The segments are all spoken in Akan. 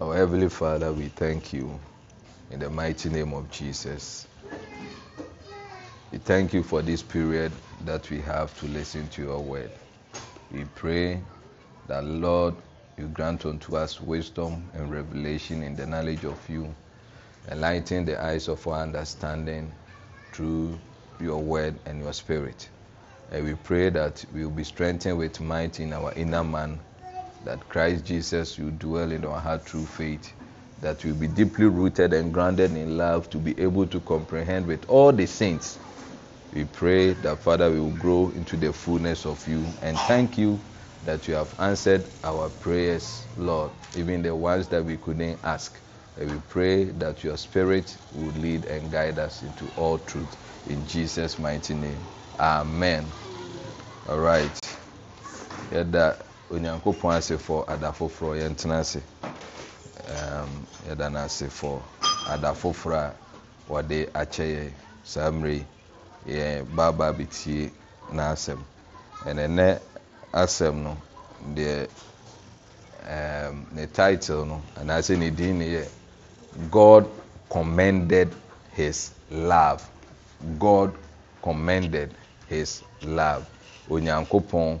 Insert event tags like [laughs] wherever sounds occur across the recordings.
Our Heavenly Father, we thank you in the mighty name of Jesus. We thank you for this period that we have to listen to your word. We pray that, Lord, you grant unto us wisdom and revelation in the knowledge of you. Enlighten the eyes of our understanding through your word and your spirit. And we pray that we will be strengthened with might in our inner man that Christ Jesus will dwell in our heart through faith, that we'll be deeply rooted and grounded in love to be able to comprehend with all the saints. We pray that, Father, we will grow into the fullness of you. And thank you that you have answered our prayers, Lord, even the ones that we couldn't ask. And we pray that your Spirit will lead and guide us into all truth. In Jesus' mighty name. Amen. All right. Yeah, that. onyankopɔn asefo ada foforɔ yɛntena ase yɛda no asefo ada foforɔ a wɔde akyɛ yɛ saa mmerɛ yi yɛ baabaa bɛtie n'asɛm ɛnɛ nɛ asɛm no deɛ ne title no anaasɛ ne din ne yɛ god commended his love god commended his love onyankopɔn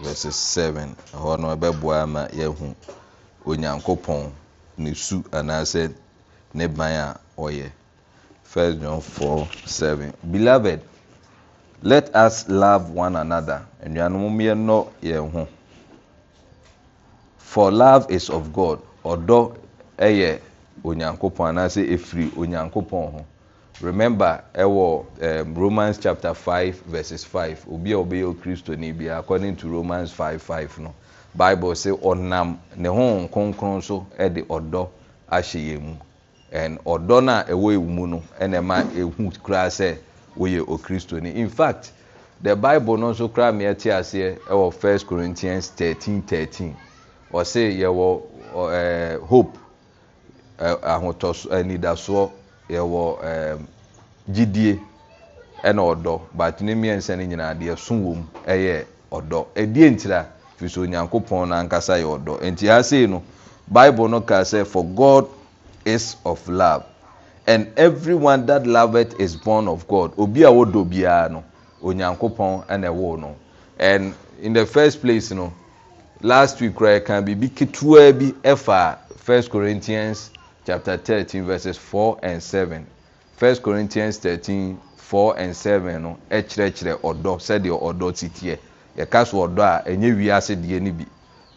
v seven. ɛhɔ no ɛbɛboa ama yɛahu onyankopɔn ne su anaasɛ ne ban a ɔyɛ First john four seven. beloved let us love one another nnuanom yɛnnɔ yɛn ho for love is of god ɔdɔ ɛyɛ onyankopɔn anaasɛ ɛfiri onyankopɔn ho remember ɛwɔ um, romans chapter five verses five obi a ɔbɛyɛ kristo ni bi according to romans five five no bible say ɔnam ne ho nkonkron so ɛde ɔdɔ ahyɛ yɛn mu and ɔdɔ no a ɛwɔ ewu mu no ɛna ɛma ehu koraa sɛ wɔyɛ okristo ni in fact the bible no nso koraa mea te aseɛ ɛwɔ first corinthians thirteen thirteen ɔse yɛwɔ ɛɛ hope ɛɛ ahotɔso ɛnidasoɔ yɛwɔ ɛɛm ehm, gyidie ɛna ɔdɔ baatu ne mmiɛnsa no nyinaa deɛ so wɔ mu ɛyɛ ɔdɔ ɛdeɛ ntira fi so onyankopɔn n'ankasa yɛ ɔdɔ nti asei no bible no ka sɛ for god is of love and everyone that loveth is born of god obi a wɔdɔ biara no onyankopɔn ɛna ɛwɔ no and in the first place no last week koraa yɛka biribi ketewa bi ɛfa first corinthians chapter 13, verses 4 and 7. first corinthians 13, 4 and 7. no ɛkyerɛkyerɛ ɔdɔ sɛdeɛ ɔdɔ ti teɛ yɛka so ɔdɔ a ɛnyɛ wiase deɛ no bi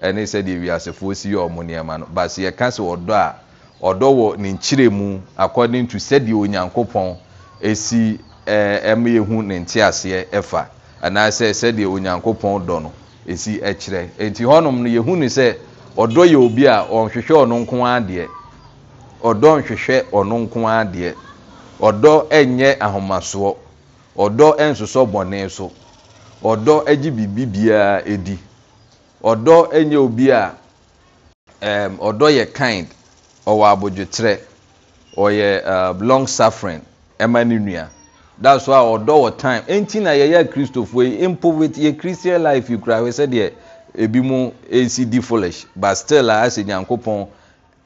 ɛne sɛdeɛ wiasefoɔ si yɛ ɔmo nneɛma no baasi yɛka so ɔdɔ a ɔdɔ wɔ ne nkyire mu according to sɛdeɛ onyankopɔn esi ɛɛ ɛmo yɛ hu ne nte aseɛ ɛfa anaasɛ sɛdeɛ onyankopɔn dɔ no esi ɛkyerɛ eti hɔnom no yɛ hu ne sɛ ɔdɔ yɛ obi a ɔnhwehwɛ ɔno nko ara deɛ ɔdɔ nhwehwɛ ɔno nko ara deɛ ɔdɔ nyɛ ahomasoɔ ɔdɔ ɛnsosɔ bɔne so ɔdɔ gye biribi biara ɛdi ɔdɔ nyɛ obi a ɔdɔ yɛ kind ɔwɔ abodwoterɛ ɔyɛ ɛɛ eh, long suffering ɛma no nua thats why ɔdɔ wɔ time ɛnti na yɛyɛ kristofoɔ yi mpo with yɛ christian life yi kura hwɛ deɛ ebi mo ɛsi di foolish but still a asɛ nyankopɔn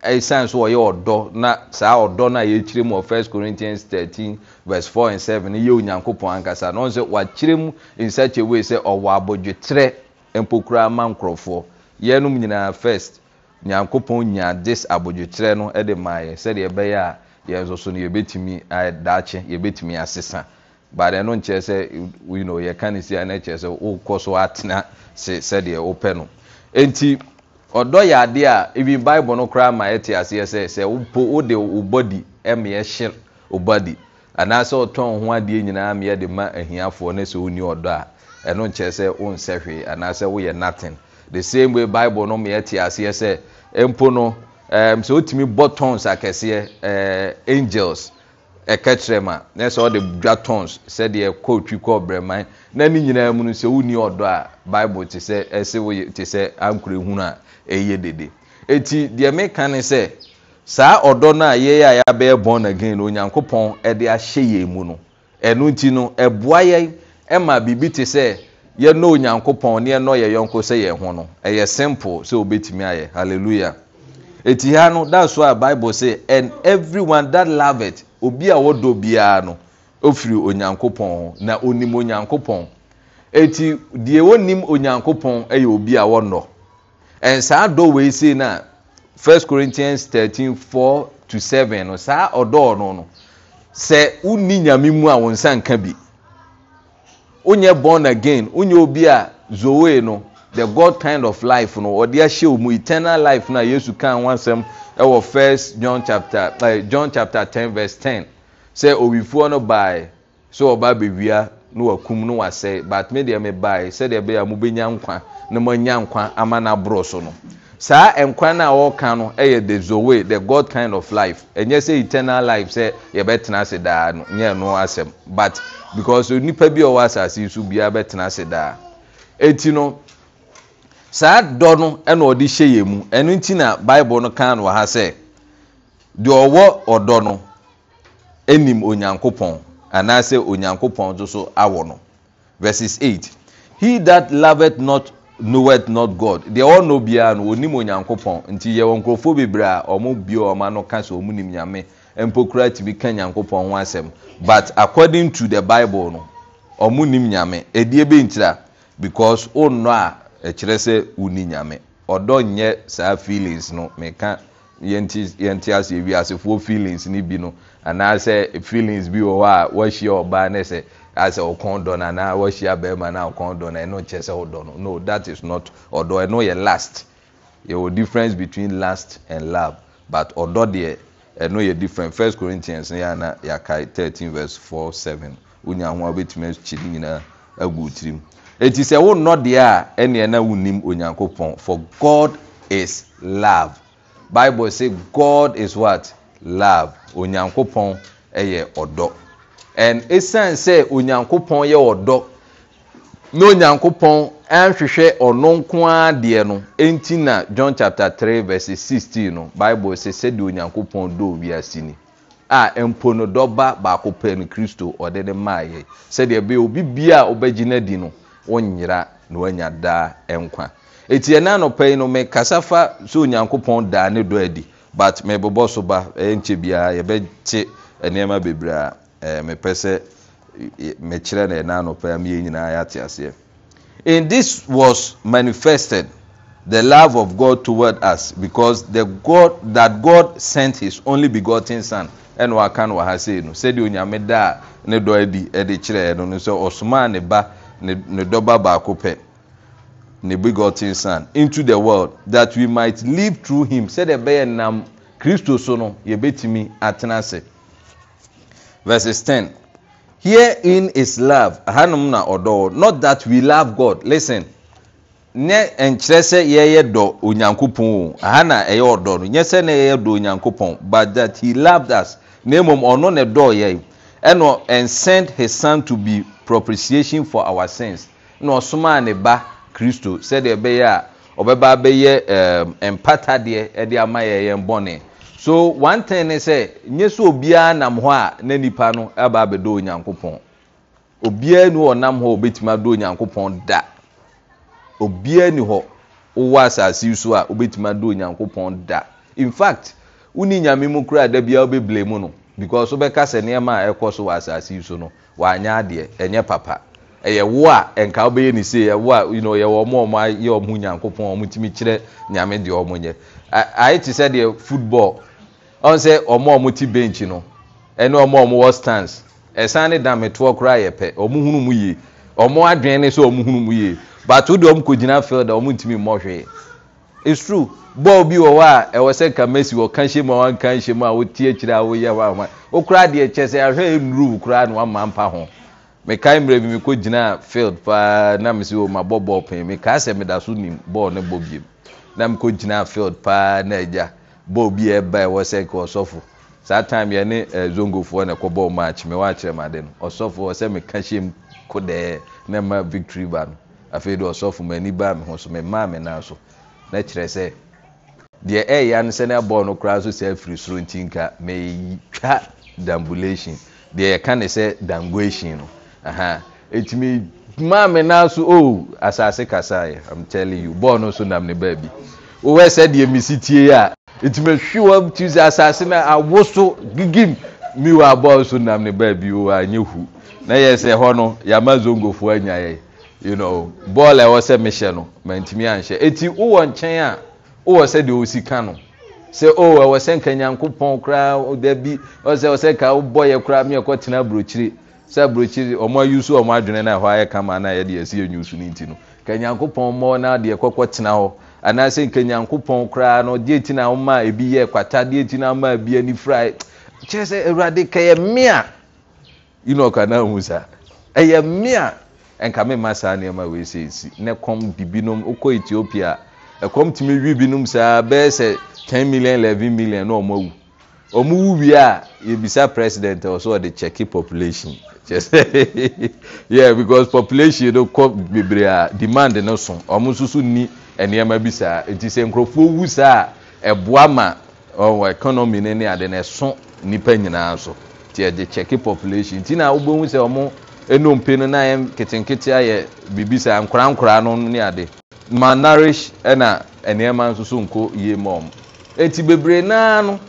ɛsan so ɔyɛ ɔdɔ na saa ɔdɔ no a yɛkyerɛ mu wɔ 1 corinthians thirteen verse four and seven no yɛ onyankopɔn ankasa na ɔn sɛ wakyerɛ mu in such a way sɛ ɔwɔ abɔdweterɛ mpo koraa ma nkurɔfoɔ nyinaa first nyankopɔn nya this abɔdweterɛ no de maa yɛ sɛdeɛ ɛbɛyɛ a yɛn nso so no yɛbɛtumi daakye yɛbɛtumi asesa but ɛno nkyerɛ sɛ you know yɛka si a na kyerɛ sɛ wokɔ so atena sɛdeɛ wopɛ ɔdɔ yɛ adeɛ a even bible no koraa ma ɛte aseɛ sɛ sɛ wopo wode wo body ma yɛhyer wo body anaasɛ ɔtɔn ho adeɛ nyinaa ma yɛde ma ahiafoɔ no sɛ wonni ɔdɔ a ɛno nkyerɛ sɛ wonsɛ hwee anaasɛ woyɛ nothing the same way bible no ma yɛte aseɛ sɛ mpo no um, sɛ wotumi bɔ tons akɛseɛ uh, angels ɛka kyerɛ ma na sɛ ɔde dwa tons sɛdeɛ kɔɔtwi kɔɔ brɛman na ne nyinaa mu no sɛ wonni ɔdɔ a bible te sɛ ɛsɛ woyɛ te sɛ ankorɛ hunu a ɛyɛ dede eti deɛ meka ne sɛ saa ɔdɔ no a yɛyɛ a yɛabɛyɛ bɔn again no onyankopɔn ɛde ahyɛ yɛn mu no ɛno nti no ɛboa yɛn ɛma biribi te sɛ yɛnɔ onyankopɔn ne yɛnɔ yɛ yɔnko sɛ yɛn ho no ɛyɛ simple sɛ obɛtumi ayɛ hallelujah eti ha no that's why bible say and everyone that love it obi a wɔdɔ biara no ɔfiri onyankopɔn na onim onyankopɔn ɛnti deɛ wɔnim onyankopɔn yɛ obi a wɔnnɔ ɛnsaa dɔ wei sei no a 1 corinthians to 7 no saa ɔdɔɔ no no sɛ wonni nyame mu a wo nsa nka bi again wonyɛ obi a no the god kind of life no ɔde ahyɛ wɔ mu eternal life no a yesu kan wansɛm ɛwɔ eh, first john chapter uh, john chapter ten verse ten sɛ owifoɔ no bae sɛ ɔba bewia na wakum no wasɛe but me deɛ me bae sɛdeɛ ɛbɛyɛ a mobɛnya nkwa na moanya nkwa ama no aborɔ so no saa nkwa no a wɔreka eh, no yɛ the zoe the god kind of life ɛnyɛ sɛ eternal life sɛ yɛbɛtena ase daa no nyɛ no asɛm but because onipa bi a ɔwɔ asase yi so biara bɛtena ase daa eti no. saa dɔ no na ɔde hyɛ yɛ mu ɛno nti na bible no ka wɔ ha sɛ deɛ ɔwɔ ɔdɔ no nim onyankopɔn anaasɛ onyankopɔn nso so awɔ no vs 8 he that loveth not knoweth not god deɛ ɔnɔ biara no ɔnim onyankopɔn nti yɛwɔ nkurɔfoɔ bebree a ɔmo bia ɔma no ka sɛ ɔmu nim nyame mpokura tumi ka nyankopɔn ho asɛm but according to the bible no ɔmo nim nyame ɛdeɛ bɛntira because a ɛkyerɛ sɛ woni nyame ɔdɔ nyɛ saa feelings no meka yɛnte ase wi asefoɔ feelings no bi no anaasɛ feelings bi wɔ hɔ a wahyia ɔbaa ne sɛ asɛ ɔkɔn dɔ no anaa wahyia bɛrima no ɔkɔn dɔ no ɛno kyɛ sɛ ɔdɔ no no that is not ɔdɔ ɛno yɛ last yɛwɔ difference between last and love but ɔdɔ deɛ ɛno yɛ different first corinthians no yɛana yɛakae 13 verse 4 7 wonya ho a wobɛtumi akyi nyinaa agu tirim eti sɛ wonnɔ deɛ a ɛneɛ na wonnim onyankopɔn for god is love bible say god is what love onyankopɔn yɛ ɔdɔ and ɛsiane sɛ onyankopɔn yɛ ɔdɔ na onyankopɔn anhwehwɛ ɔno nko ara deɛ no enti na john chapter three verse sixteen no bible say sɛdeɛ onyankopɔn dɔ wiase ni a mpo no dɔba baako pɛ no kristo ɔde ne maa yɛ sɛdeɛ bɛyɛ obi bia a ɔbɛgyina di no wonyera na wanya daa nkwa ɛti ɛna anɔpa yi no mekasa fa sɛ onyankopɔn daa ne dɔ adi but mebobɔ so ba ɛnkyɛ biara yɛbɛkye nnoɔma bebree a eh, mepɛ sɛ mekyerɛ no ɛna anɔpa a meyɛ nyinaa yɛate aseɛ in this was manifested the love of God toward us because the God that God sent his only begotten son ɛna waka no wɔ ha sei no sɛdeɛ onyame daa ne dɔ adi ɛde kyerɛ ɛno no sɛ ɔsomaa ne ba ne dɔba baako pɛ ne begotten son into the world that we might live through him sɛdeɛ ɛbɛyɛ nam kristo so no yɛbɛtumi atena ase verses 10 herein is love hanom na ɔdɔ not that we love god listen nyɛ nkyerɛ sɛ yɛyɛ dɔ onyankopɔn o aha na ɛyɛ ɔdɔ no nyɛ sɛ na yɛyɛ dɔ onyankopɔn but that he loved us na mmom ɔno ne dɔ yɛn ɛnna and sent his son to be propitiation for our sins na ɔsomaa ne ba kristo sɛdeɛ ɛbɛyɛ a ɔbɛba bɛyɛ ehm, mpatadeɛ de ama yɛyɛn bɔne so one thing ne sɛ nye sɛ obiara nam hɔ a na nnipa no ɛba abɛdɔ onyankopɔn obiara ni ɔnam hɔ ɔbɛtumi adɔ onyankopɔn da obiara ni hɔ wowɔ asase so a wobɛtumi adɔ onyankopɔn da infact woni nyame mu koraa da biaa wobɛble mu no because wobɛka sɛ nnoɔma a ɛkɔ so wɔ asase so no wanyɛ adeɛ ɛnyɛ papa ɛyɛ wo a ɛnka wobɛyɛ ne sei ɛwo a yɛwɔ ɔmo ɔmo ayɛ ɔmo nyankopɔn ɔmo tumi kyerɛ nyame deɛ ɔmo nyɛ ayɛ te sɛ deɛ football ɔn sɛ ɔmo ɔmo ti bench no ɛne ɔmo ɔmo wɔ stands ɛsan ne dame toɔ koraa yɛ pɛ ɔmo hunu mu yie ɔmo adwene ne sɛ ɔmo hunu mu yie baatu deɛ ɔmo kɔ gyina field a ɔmo ntumi mmɔ hwee ɛsuru bɔɔl bi wɔ hɔ a ɛwɔ sɛ kamasi wɔka hyɛ mu a wanka hyɛ mu a wotie kyerɛ a woyɛ hɔahoma wo koraa deɛ kyɛ sɛ ahwɛ ho mmerɛ bi field paa na mesɛ wɔ mabɔ bɔɔl pɛn mekaa sɛ meda so nim bɔɔl ne bɔ biem na mekɔ gyinaa field paa na bi ɛwɔ sɛ ɔsɔfo saa yɛ ne zongofoɔ na ɛkɔ no ɔsɔfo na ma victory ba na kyerɛ sɛ deɛ ɛyɛ no sɛ no ɛbɔɔ no koraa nso sɛ afiri soro nti nka mɛtwa dambulation deɛ yɛka ne sɛ dangoation no Aha. maa me naa so o oh, asase kasaeɛ i'm telling you bɔɔl no nso nam ne baabi wowɛ sɛ deɛ mesi tie a ɛtumi hwi wɔ ti sɛ asase no awo so gigim mi wɔ abɔɔl so nam ne baabi o a hu na yɛ sɛ hɔ no yɛama zongofoɔ anyaeɛ You know, bɔɔl ɛwɔ sɛ mehyɛ no mantimi anhyɛ ɛti wowɔ nkyɛn a wowɔ sɛdeɛ ɔ sika no sɛ ɛwɔ oh, sɛ nka nyankopɔn koraa da bi sɛ ɔsɛ ka wobɔyɛ koraa meɛkɔtena abrokyire sɛ abrokyire ɔmo ayuso ɔmo adwene na ɛhɔ ayɛ kama na yɛde ɛsi ɛnyusu no nti no ka nyankopɔn mmɔ na deɛ kɔkɔtena hɔ anaasɛ nka nyankopɔn koraa no deɛ ti na woma ebi yɛ kwata deɛ ti na woma ebi ani fira e, kyerɛ sɛ awurade ka mmea yinɔ kana hu saa ɛyɛ mmea ɛnka mema saa nnoɔma weisɛɛsi ne kɔm dibinom wokɔ ethiopia ɛkɔm tumi wi binom saa bɛɛ sɛ 10 million 11 million na ɔmawu ɔmo wu wie a yɛbisa president ɔ so ɔde kyɛke population kyɛsɛ [laughs] because population no kɔ bebree a demand no so ɔmo nsoso nni nnoɔma bi saa ɛnti sɛ nkurɔfoɔ wu saa a ɛboa ma ɔwɔ economy no ne ade no ɛso nnipa nyinaa so nti ɛde kyɛke population nti na wobɛhu sɛ ɔmo ɛnompe no na yɛ nketenkete ayɛ biribi saa nkorankoraa no ne ade ma nourish ɛna nnoɔma nso so nkɔ yie ma ɔmo ɛnti bebree naa no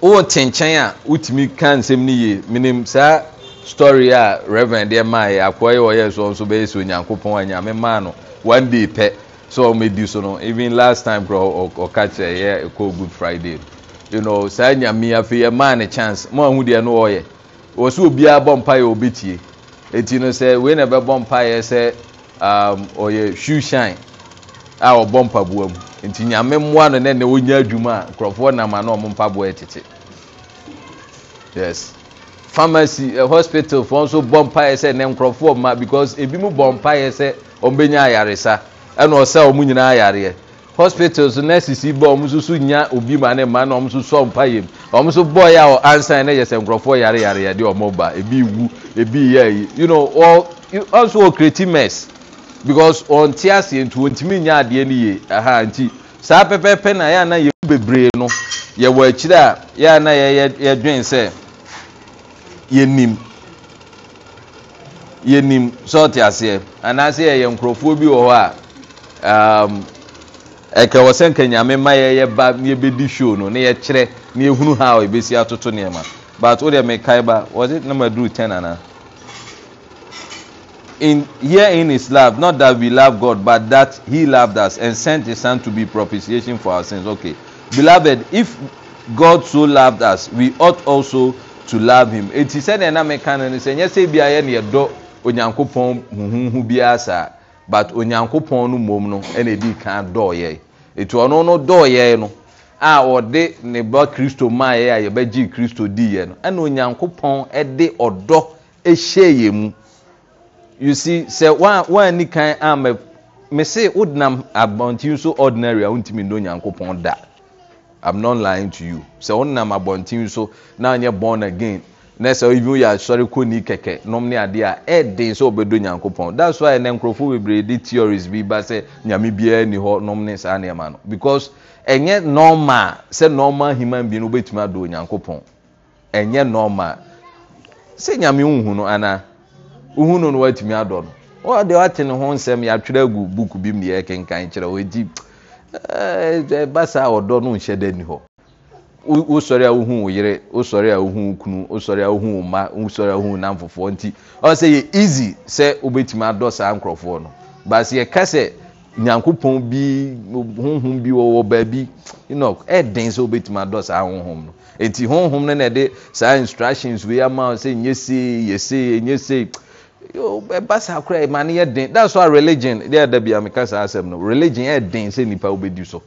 wowɔ kyenkyɛn a wotumi ka nsɛm no yie menim saa story a reverend deɛ maa yɛ akoa yɛ ɔyɛ so nso bɛyɛ sɛ onyankopɔn anyame maa no one day pɛ sɛ ɔmɛdi so no even last time korɔ ɔka kyerɛ yɛ ɛkɔɔ good friday you know saa nyame afei yɛ maa ne chance mo ahu deɛ no ɔyɛ wɔ sɛ obiara bɔ mpaeɛ obi tie ɛti no sɛ wei na ɛbɛbɔ mpaeɛ sɛ um, ɔyɛ shoe shine a ɔbɔ mpaboa mu nti nyame mmoa no ne na ɔnya adwuma a nkurɔfoɔ nam ano ɔmo mpaboa tete yes pharmacy uh, hospital fo nso bɔ mpaeɛ sɛ ne nkurɔfoɔ ma because ebi mu bɔ mpaeɛ sɛ ɔmo bɛnya ayaresa ɛna ɔsɛ ɔmo nyinaa ayareɛ hospitals nurses yi bɔ ɔmo soso nya obi ma ne ma na ɔmo soso ɔmpa yam ɔmo so bɔ ya ɔ ansan ne yɛ sɛ nkorɔfoɔ yare yare yɛ de ɔmo ba ebi wu ebi yɛ yi you know ɔ ɔnso wɔ create mess because ɔnte aseɛ nti ɔntumi nya adeɛ ne yie aha nti saa pɛpɛɛpɛ na yɛ anan yɛ mu bebree no yɛwɔ akyire a yɛ anan yɛ yɛ dwen sɛ yɛnim nim. sɔɔte aseɛ anaasɛ yɛyɛ nkorɔfoɔ bi wɔ hɔ a. Um, ɛkɛ wɔ sɛnka nnyame mmayɛ yɛba na yɛbɛdi show no na yɛkyerɛ na yɛhunu haw yɛbɛsi a toto nneɛma but wo deɛ mekae ba wasit nmadruu 10ana here in his love not that we love god but that he loved us and sent his son to be propiciation for our sins ok beloved if god so loved us we ought also to love him ɛti sɛdeɛ ne meka no no sɛ yɛ sɛ bia yɛ ne yɛdɔ onyankopɔn huhumhu biaa saa but onyankopɔn no mmom no ɛna ɛdii ka dɔɔyɛ ɛti ɔno no dɔɔyɛ no a ɔde ne ba kristo maayɛ a yɛbɛgye kristo diiɛ no ɛna onyankopɔn ɛde ɔdɔ ɛhyɛɛ yɛ mu you see sɛ ni kan ama me se wodenam abɔnten so ordinary a wontumi nnɔ onyankopɔn da i'm not lying to you sɛ wonam abɔnten so na ɔnyɛ born again na sɛ ibi yɛ asɔre kɔni kɛkɛ nom ne adeɛ a ɛden sɛ ɔbɛdɔ nyankopɔn that's why ɛnɛ nkurɔfoɔ bebree de theories bi ba sɛ nyame biara ni hɔ nom ne saa nneɛma no because ɛnyɛ normal sɛ normal human being no wobɛtumi adɔ nyankopɔn ɛnyɛ normal sɛ nyame nhu no anaa nhu no no watumi adɔ no wɔde wate ne ho nsɛm yɛatwerɛ agu book bi mu deɛ ɛkenkan kyerɛ ɔnti ɛɛ basa ɔdɔ no nhyɛ da ni hɔ wosɔre a wohu wo wosɔre a wohu kunu wosɔre a wohu mma wosɔre a wohu nam fofoɔ nti ɔn yɛ easy sɛ wobɛtumi adɔ saa nkurɔfoɔ no baasi yɛka sɛ nyankopɔn bi honhom bi wɔwɔ baabi enoch ɛden sɛ wobɛtumi adɔ saa honhom no eti honhom no na ɛde saa instructions wei ama sɛ nye see yɛ see nye see ɛba saa koraa ɛma ne yɛ den that's why religion deɛ ɛda bi ameka saa asɛm no religion ɛden sɛ nipa wobɛdi so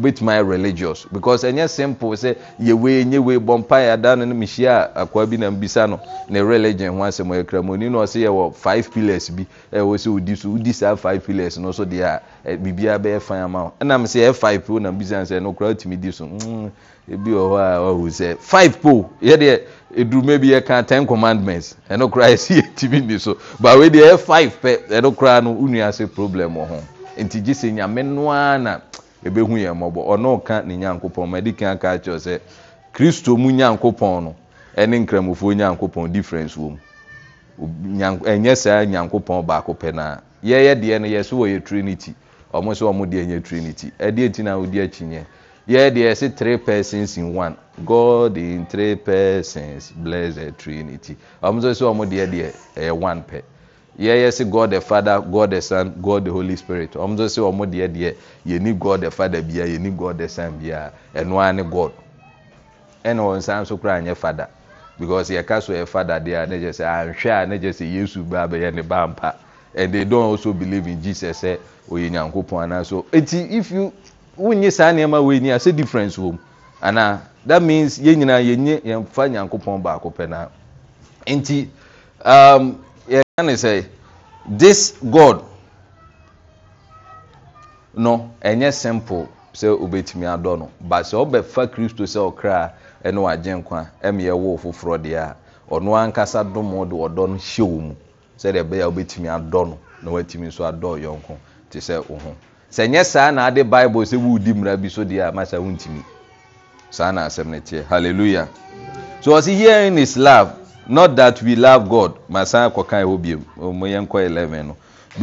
obɛtumi my religious because ɛnyɛ simple sɛ yɛwei nyɛ wei bɔ mpa yɛada no no mehyia a akoa bi nam bisa no ne religion ho asɛm ɔyɛ kramoni na ɔsɛ yɛwɔ five pillars bi ɛwɔ e sɛ wodi so wodi saa five pillars no so deɛ a biribiara bɛyɛ fan ama wo ɛnam sɛ yɛ five na nam bisa sɛ no koraa wotumi di so mm, ebi wɔ hɔ a ɔhu sɛ five po yɛdeɛ eduruma bi yɛka ten commandments ɛno e koraa [laughs] yɛsi e yɛtumi di so but wei deɛ yɛ five pɛ ɛno koraa no wunu ase problem wɔ ho nti gye sɛ nyame noa na ɛbɛhu yɛn mmɔbɔ ɔno ka ne nyankopɔn ma ɛde kan aka kyerɛ sɛ kristo mu nyankopɔn no ɛne nkramofoɔ nyankopɔn difference wɔ mu ɛnyɛ saa nyankopɔn baako pɛ naa yɛyɛ deɛ no yɛsɛ wɔyɛ trinity ɔmo sɛ ɔmo deɛ nyɛ trinity ɛdeɛ ti na ɔdi akyi nyɛ yɛyɛ deɛ yɛsɛ three persons in one god in three persons blessed trinity ɔmo sɛ ɔmo deɛ deɛ ɛyɛ one pɛ yɛyɛ se god the father god the son god the holy spirit ɔmo nso se ɔmo deɛ deɛ yɛni god the father bia yɛni god the son bia ɛnoa ne god ɛna wɔn nsa nso kora anyɛ father because yɛka so yɛ father deɛ a ne gye sɛ ahwɛ a ne gye sɛ yesu ba abɛyɛ ne ba mpa and they don also believe in jesus sɛ oyɛ nyankopɔn anaso eti if you wunyi saa nneɛma wei ni ase difference wɔm ana that means yɛn nyinaa yɛn nye yɛn fa nyankopɔn baako pɛ na nti. Um, yɛka ne sɛ this god no ɛnyɛ simple sɛ obɛtumi adɔ no but sɛ wobɛfa kristo sɛ ɔkraa ɛne wagye nkwa meyɛwoo foforɔ deɛ a ɔno ankasa domo de ɔdɔ no hyɛ wɔ mu sɛdeɛ ɛbɛyɛ a wobɛtumi adɔ no na watumi nso adɔ yɔnko te sɛ wo ho sɛ ɛnyɛ saa na ade bible sɛ woredi mmara bi so deɛ a masa wontumi saa na asɛm no teɛ hallelujah so ɔse here in his love n that we love god masa kɔkaɔbi ɛnkɔ 11 no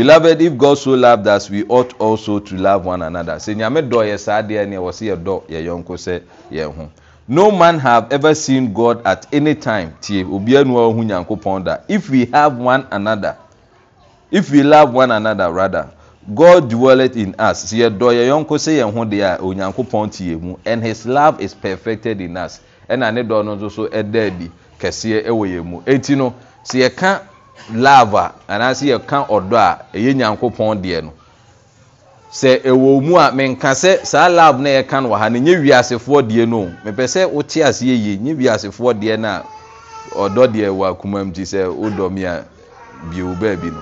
belved if god so loved us we out s to love o another sɛ nnyame dɔ yɛ saa deɛ ne wɔ sɛ yɛdɔ yɛyɔnk sɛ yɛ ho no man ha ever seen god at any time tieobiano a ɔho nyankopɔn da ianif we lo on anoder rather god dlt in us s yɛdɔ yɛyɔnko sɛ yɛn ho deɛa onyankopɔn teɛmu and his love is perfected in us ɛna ne dɔ no nsoso da abi kɛseɛ ɛwɔ yɛn mu eti no sɛ yɛka lava anaasɛ yɛka ɔdɔ a ɛyɛ nyankopɔn deɛ no sɛ ɛwɔ mu a menka sɛ saa love na yɛka no wɔ ha no nyɛ wiasefoɔ deɛ no mepɛ sɛ wote aseɛ yie nyɛ wiasefoɔ deɛ no a ɔdɔ deɛ wɔ akoma mu ti sɛ wodɔ mi baabi no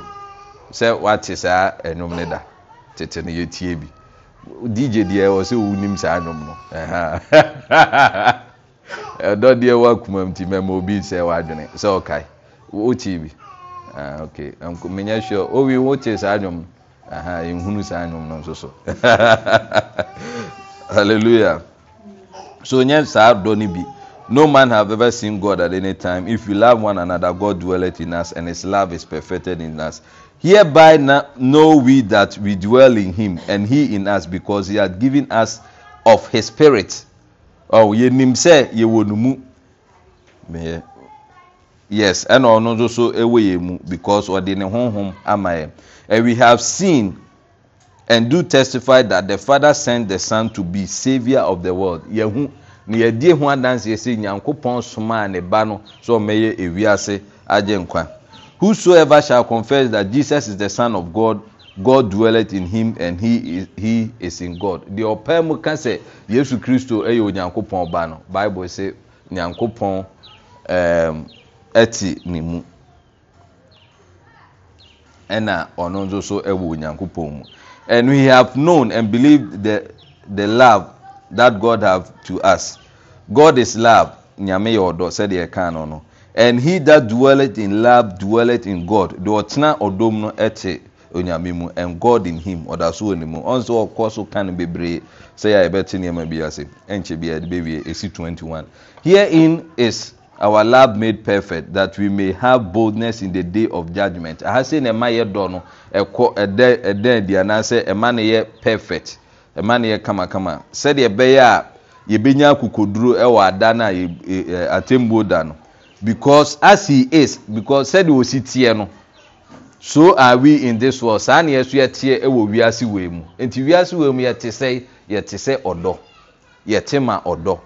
sɛ wate saa ɛnwom no da tete no yɛtie bi dj deɛ ɛwɔ sɛ wonim saa nnwom no [laughs] ɛdɔdeɛ woakoma mti mɛma obi sɛ w'adwene sɛ ɔkae wotie bi menyɛ hwɛ owi wotee saa dwom ɛhunu saa dwom no nso so hallelujah so nyɛ saa dɔ no bi no man have ever seen god at any time if you love one another god dwelleth in us and his love is perfected in us hereby know we that we dwell in him and he in us because he hath given us of his spirit ɔwɔ yɛnim sɛ yɛwɔ ne mu meyɛ yes ɛna ɔno nso so ɛwɔ yɛn mu because ɔde ne honhom ama yɛn and we have seen and do testify that the father sent the son to be saviour of the world yɛhu na yɛdie ho adanse yɛ sɛ nyankopɔn somaa ne ba no sɛ ɔmɛyɛ ewiase agye nkwa whosoever shall confess that Jesus is the son of God god dwelleth in him and he is, he is in god deɛ ɔpɛɛ mu ka sɛ yesu kristo yɛ onyankopɔn ba no bible sɛ nyankopɔn ɛɛm um, ɛte ne mu ɛna ɔno nso so ɛwɔ onyankopɔn mu and we have known and believed the the love that god have to us god is love nyame yɛ ɔdɔ sɛdeɛ ɛka no no and he that dwelleth in love dwelleth in god deɛ ɔtena ɔdɔm no ɛte onyame mu and god in him ɔda so wɔ ne mu ɔn sɛ ɔkɔ so ka no bebree sɛ yɛ a yɛbɛte nneɛma bi ase ɛnkyɛ bi a yɛde bɛwie ɛsi 21 herein is our love made perfect that we may have boldness in the day of judgment aha sɛ na ɛma yɛ dɔ no ɛkɔ ɛdɛ ɛdɛ adi anaasɛ ɛma no yɛ perfect ɛma no yɛ kamakama sɛdeɛ ɛbɛyɛ a yɛbɛnya akokoduro ɛwɔ ada no a yɛ ɛɛ atembuo da no because as he is because sɛdeɛ osi teɛ no. so are we in this world saa nneɛ so yɛteɛ wɔ wiase wei mu nti wiase wei mu yɛte sɛ yɛte sɛ ɔdɔ yɛte ma ɔdɔ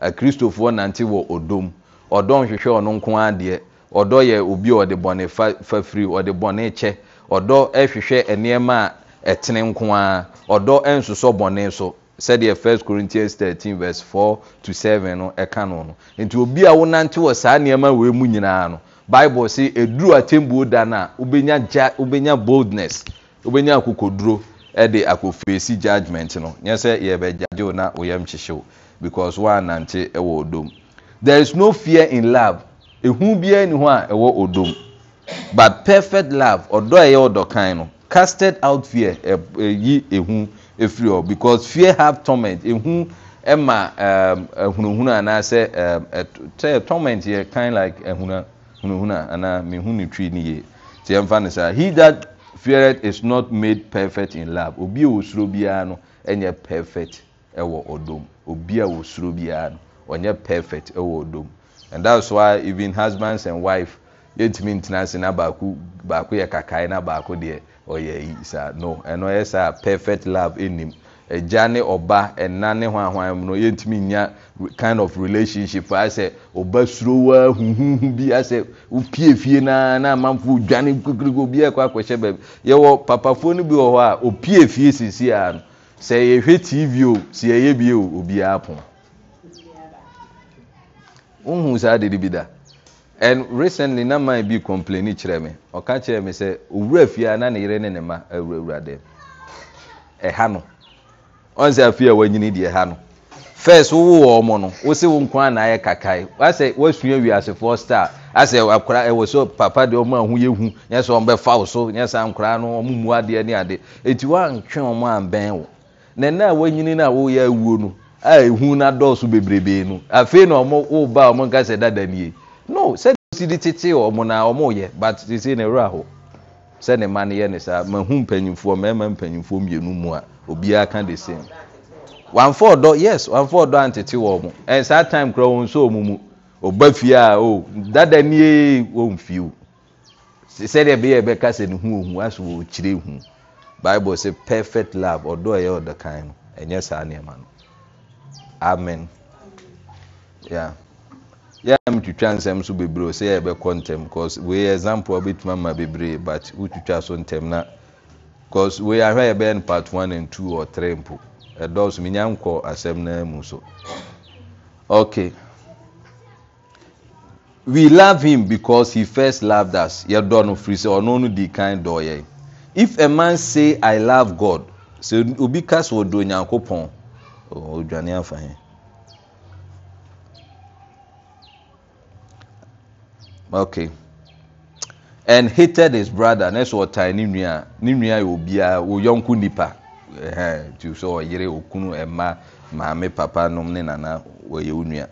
akristofoɔ nante wɔ ɔdɔm ɔdɔ nhwehwɛ ɔno nko ara ɔdɔ yɛ obi a ɔde bɔne fa fa firi ɔde bɔne kyɛ ɔdɔ ɛhwehwɛ nneɛma a ɛtene nko ara ɔdɔ nsosɔ bɔne so sɛdeɛ first corinthians thirteen verse four to seven no ɛka no no nti obi a wonante wɔ saa nneɛma mu no. bible sɛ ɛduru atembuo da no a wobɛnya gya wobɛnya boldness wobɛnya akokoduro ɛde akɔfeesi judgement no nyɛ sɛ yɛbɛgyagye wo na woyam kyehyew because woanante ɛwɔ ɔdom there is no fear in love ehu biara ni hɔ a ɛwɔ ɔdom but perfect love ɔdɔ a ɛyɛ ɔdɔ no casted out fear ɛyi ehu efiri hɔ because fear have torment ehu ɛma ɛhunahuna anaasɛ ɛɛ torment yɛ kind like ɛhuna hunuhuna anaa mehunu twi ne yie nti yɛmfa no saa he that feareth is not made perfect in love obi a wɔsuro biara no ɛnyɛ perfect ɛwɔ ɔdom obi a wɔsuro biara no ɔnyɛ perfect ɛwɔ ɔdom and that's why even husbands and wife yɛtumi ntena ase na baako baako yɛ kakae na baako deɛ ɔyɛ yi saa no ɛno yɛ saa perfect love ɛnim agya ne ɔba ɛna ne hwanhwan mu no yɛntumi nya kind of relationship a sɛ ɔba surowa huhuhu bi asɛ wopie fie na na amanfo dwane kukuriko bi ɛkɔ akɔhyɛ baabi yɛwɔ papafoɔ no bi wɔ hɔ a opie fie sisi a no sɛ yɛhwɛ tv o sɛ yɛyɛ bi o obiara pon nhun saa dede bi da and recently na man bi complain kyerɛ mi ɔka kyerɛ mi sɛ owura fie a na ne yere ne ne ma awurawura dɛm ɛha no. ɔnsɛ afei a wanyini deɛ ha no first wowowɔ ɔmo no wo nkwa na nko anaayɛ kakae asɛ woasua wiasefoɔ star asɛ akora ɛwɔ so papa deɛ ɔmo aho yɛhu nyɛ sɛ bɛfa wo so nyɛ saa nkoraa no ɔmo mu adeɛ ne ade ɛnti woantwe ɔmo ambɛn wo na ɛna a wanyini no a woyɛ awuo no a ɛhu no adɔɔso bebrebee no afei na ɔmo woba ɔmo nka sɛ dada nie no sɛdeɛ osi de tete ɔmo na ɔmo yɛ but sesei na ɛwura hɔ sɛne ma no yɛ ne saa mahu mpanyimfoɔ mmarima mpanyimfoɔ mmienu mu a obiara ka the same wamfa ɔdɔ yes wamfa ɔdɔ antete wɔn mo ɛnsa time kura wɔn nso wɔn mu ɔba fie a o oh, dada nie wɔn fie o sɛdeɛ bɛyɛ bɛka sɛ ne ho ohun aso wɔ kyerɛ hu bible say perfect love ɔdɔ ɛyɛ ɔdɔ kan no ɛnyɛ saa nneɛma no amen yeah yàrá mi twitwa nsɛm so bebree o sɛ yɛ bɛ kɔ ntɛm cause wei example a bɛ tuma ma bebree but wotwitwa so ntɛm na because wei ahwɛ yɛ bɛyɛ part one and two or three mpo ɛdɔɔso mi nya nkɔ asɛm naa mu so okay we love him because he first loved us yɛdɔ no firi sɛ ɔno no di kan dɔ yɛn if a man say i love god sɛ obi ka sɛ ɔdɔ Onyankopɔn ɔdwane afa hɛn okay and hated his brother na sɛ ɔtan ne nua ne nua yɛ obiara wɔyɔnko nipa ɛhɛn ti sɛ ɔyere okunu ɛma maame papa nom ne nana wɔyɛ onua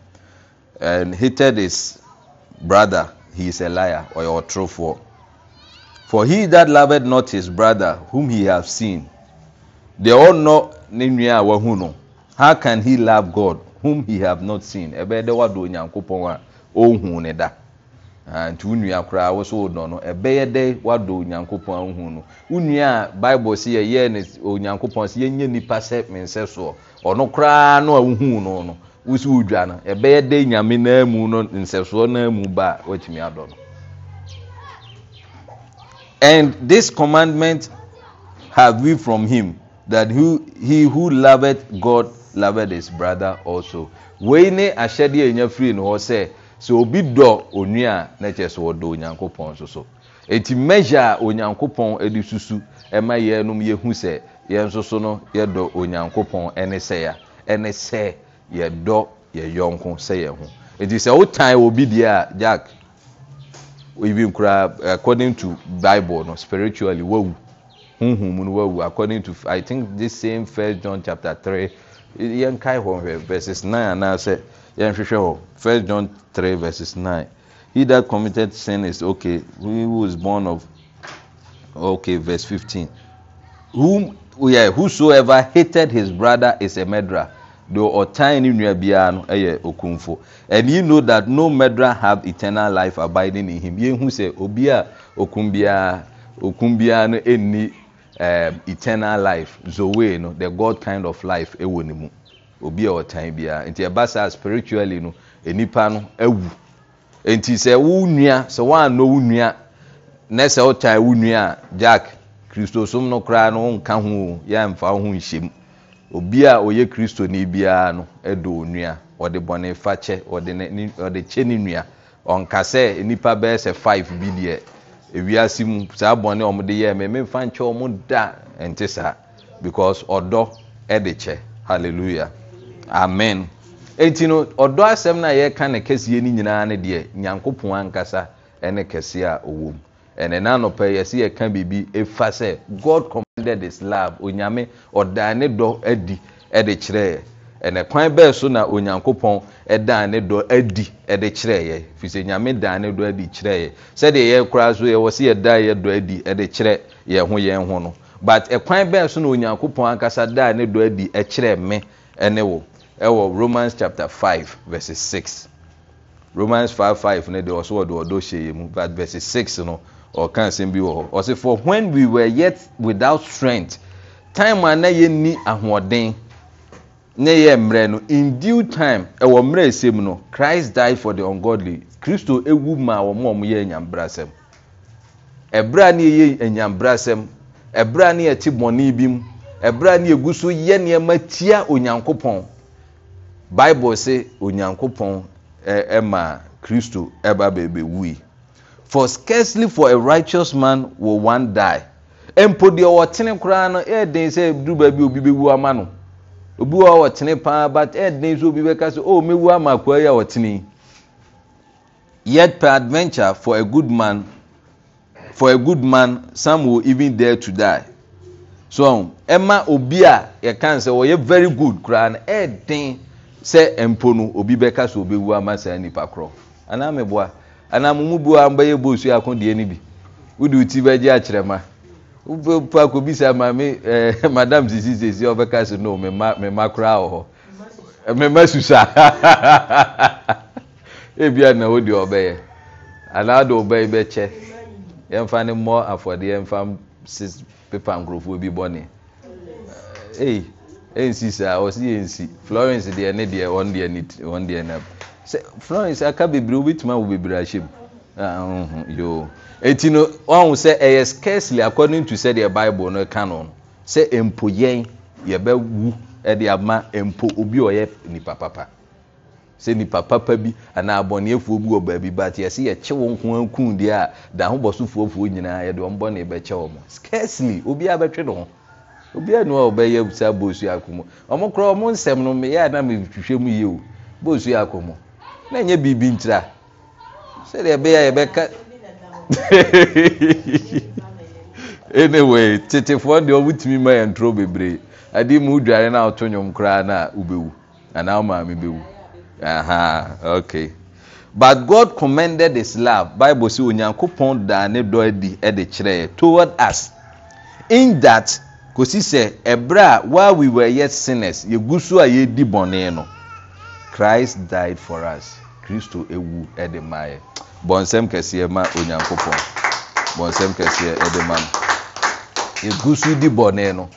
and hated his brother he is a liar ɔyɛ ɔtorofoɔ for he that loved not his brother whom he have seen deɛ ɔnɔ ne nua a wahu no how can he love God whom he have not seen ɛbɛyɛ dɛ wadɔ onyankopɔn a ɔnhu ne da. Ah, nti wo nua koraa wo so wodɔ no ɛbɛyɛ dɛ woadɔ onyankopɔn ahu no wo nua a bible sɛ yɛyɛ ne onyankopɔn sɛ yɛnyɛ nnipa sɛ me soɔ ɔno koraa no a wohuu no no wo so wodwa no ɛbɛyɛ dɛ nyame naa no nsɛsoɔ naa ba a woatumi adɔ no and this commandment have we from him that who, he who loveth god loveth his brother also wei ne ahyɛdeɛ a ɛnya firi no hɔ sɛ sɛ obi dɔ onua a na kyerɛ sɛ wɔdɔ so so eti measure a onyankopɔn de susu ma yɛnom yɛhu sɛ yɛn nso so no yɛdɔ onyankopɔn ne sɛ ya ne sɛ yɛdɔ yɛ yɔnko sɛ yɛn ho eti sɛ wotan obi deɛ a jack even koraa according to bible no spiritually wawu huhum no wawu according to i think this same first john chapter three yɛn kae hɔ hwɛ verses nine anaasɛ. ywhwɛ h1 john 39tha cmtd snssbv15 yɛ whosoever hated his brother is a medra de ɔtae no nnua biara no ɛyɛ ɔkumfo and yiknow that no madra hade eternal life abideng inhim yehu sɛ obi a ɔkum biaa no ɛnni eh, eternal life zowe no the god kind of life ɛwɔ ne mu obi a ɔtan biara nti ɛba saa spiritually no nipa no awu nti sɛ wo nua sɛ woanɔ wo nua na sɛ wotae wo nua a jack kristosom no koraa no wonka ho yɛamfa wo ho nhyɛm obi a ɔyɛ kristoni biara no ɛdɔ onua ɔde bɔne fa kyɛ ɔde kyɛ ne nua ɔnka sɛ nipa bɛyɛ sɛ five bi deɛ ewiase mu saa bɔne ɔmode yɛ me memfa nkyɛ ɔmo da ɛnte saa because ɔdɔ ɛde kyɛ hallelujah amen ɛnti no ɔdɔ asɛm no a yɛrka ne kɛseɛ no nyinaa no deɛ nyankopɔn ankasa ɛne kɛseɛ a ɔwɔm ɛne nanɔpɛ yɛsɛ yɛka biribi ɛfa sɛ god commanded his love onyame ɔdaa ne dɔ adi ɛde kyerɛeɛ ɛnɛ kwan bɛɛ so na onyankopɔn ɛdaa ne dɔ adi ɛde kyerɛeɛ firi sɛ nyame daa ne dɔ adi kyerɛeɛ sɛdeɛ yɛ koraa so yɛwɔ sɛ yɛdaa yɛ dɔ adi ɛde kyerɛ yɛn ho yɛn ho no but ɛkwan bɛɛ so na onyankopɔn ankasa daa ne dɔ adi ɛkyerɛ me ɛne wo ɛwɔ romans chapter five verse six romans five five ne deɛ ɔso ɔde ɔdɔ hyɛ yɛ mu but verse six no ɔka asɛm bi wɔ hɔ ɔsi for when we were yet without strength time a na yɛ ni ahoɔden ne yɛ mmerɛ no in due time ɛwɔ mmerɛ esɛm no christ died for the ungodly kristo ewu ma wɔn a wɔyɛ enyambrasɛm ɛbrɛ a ne yɛ enyambrasɛm ɛbrɛ a ne yɛ ti bɔnne bi mu ɛbrɛ a yɛ gu so yɛ nneɛma tia onyankopɔn bible sɛ onyankopɔn ma kristo ba wui, for scarcely for a righteous man will one die mpo deɛ ɔtene koraa no ɛden sɛ durubaa bi obi bɛwu ama no obi wɔ ɔtene paa but ɛden sɛ obi bɛka sɛ o oh, wu ama akoa yi a ɔtene yet peradventure for a good man for a good man some will even dare to die so ɛma obi a yɛka sɛ ɔyɛ very good koraa no ɛden sɛ mpo no obi bɛka so obɛwu ama saa nipa korɔ anaa meboa anaa mo mu bu a mbɛyɛ boosu akodeɛ no bi wode wo ti bɛgye akyerɛma wopakobisa maame ɛɛ [laughs] eh, madam sisi sisi ɔbɛka so no mema mema koraa wɔ hɔ eh, mema susa [laughs] ebia na wode ɔbɛyɛ anaa de ɔbɛyɛ bɛkyɛ yɛmfa ne mmɔ afɔdeɛ yɛmfa sisi pepa nkurɔfoɔ bi bɔ ne ɛɛ. Eh, ɛnsi saa ɔsi yɛnsi Florence deɛ ne deɛ wɔn deɛ ne wɔn deɛ nam sɛ Florence aka bebree obituma wɔ bebree ahyɛ mu ahun mhm, yoo eti no ɔhun sɛ ɛyɛ scarcely according to sɛdeɛ Bible no ka no sɛ mpo yɛn yɛbɛwu ɛde ama mpo obi ɔyɛ nipa papa sɛ nipa papa bi anaa abɔneɛfoɔ bi wɔ baabi ba te yɛsi yɛkyɛ wɔn ho kun deɛ a daho bɔ so fuofuo nyinaa yɛde wɔn bɔ ne bɛkyɛ wɔn scarcely obi abɛtwe ne ho. obiaa nu a ɔbɛyɛ saa boosu akɔmmɔ ɔmo korɔ ɔmo nsɛm no meyɛ a na mehwehwɛ mu yie o boosu akɔmmɔ na ɛnyɛ biribi ntira sɛdeɛ ɛbɛyɛ a yɛbɛka [laughs] anyway tetefoɔ deɛ ɔmo tumi ma yɛn ntoro bebree adi mu dware na ɔto nwom koraa na ubɛwu anaa ɔmaame bɛwu aha okay but God commended his love bible sɛ pon da ne dɔ adi ɛde kyerɛ toward us in that kɔsi sɛ ɛberɛ a while we were yet sinners yɛgu so a yɛdi bɔne no christ died for us kristo ewu ɛde maayɛ bɔnsɛm kɛseɛ ma onyankopɔn bɔnsɛm kɛseɛ ɛde ma no yɛgu so di bɔne no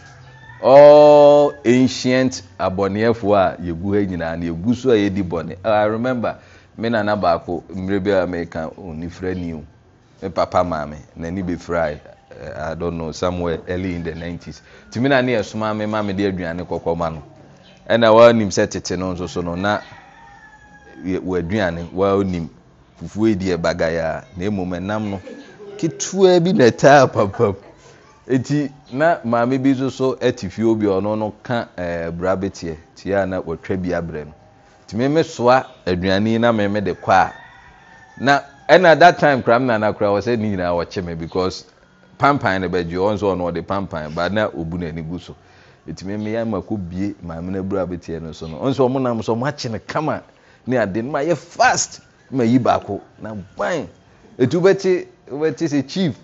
all ancient abɔneɛfoɔ a yɛgu ha nyinaa no yɛgu so a yɛdi bɔne ah, i remember me nana baako mmerɛ bi a meka onifirani oh, o me papa maame n'ani bɛfiraeɛ Eh, I don't know somewhere early in the 90s tìmí náà ni ẹ̀sùnmá mi má mi di aduane kọ̀kọ́ ma no ẹna wàá nim sẹ tètè no nso so no na wọ aduane wàá nim fufuo edi ẹ bagaya na emu mẹ nam no ketewa bi na ɛtaa papam eti na maame bi nso so ɛte fie obi ɔno no ka ɛɛ eh, bra bi teɛ tia na wɔtwa bi abrɛ no tìmí mi soa aduane na mi mi de kɔ a na ɛna that time kram nana kora wɔ sɛ ne nyinaa wɔkye mi because pampan no bɛgye ɔn sɛ ɔno ɔde pampan ba na obu n'ani gu so etumi mmea mako bie maame na aburo abetia no so no ɔn ɔmo nam so ɔmo akye no kama ne ade no ma yɛ fast ma yi baako na ban etu bɛti bɛti sɛ chief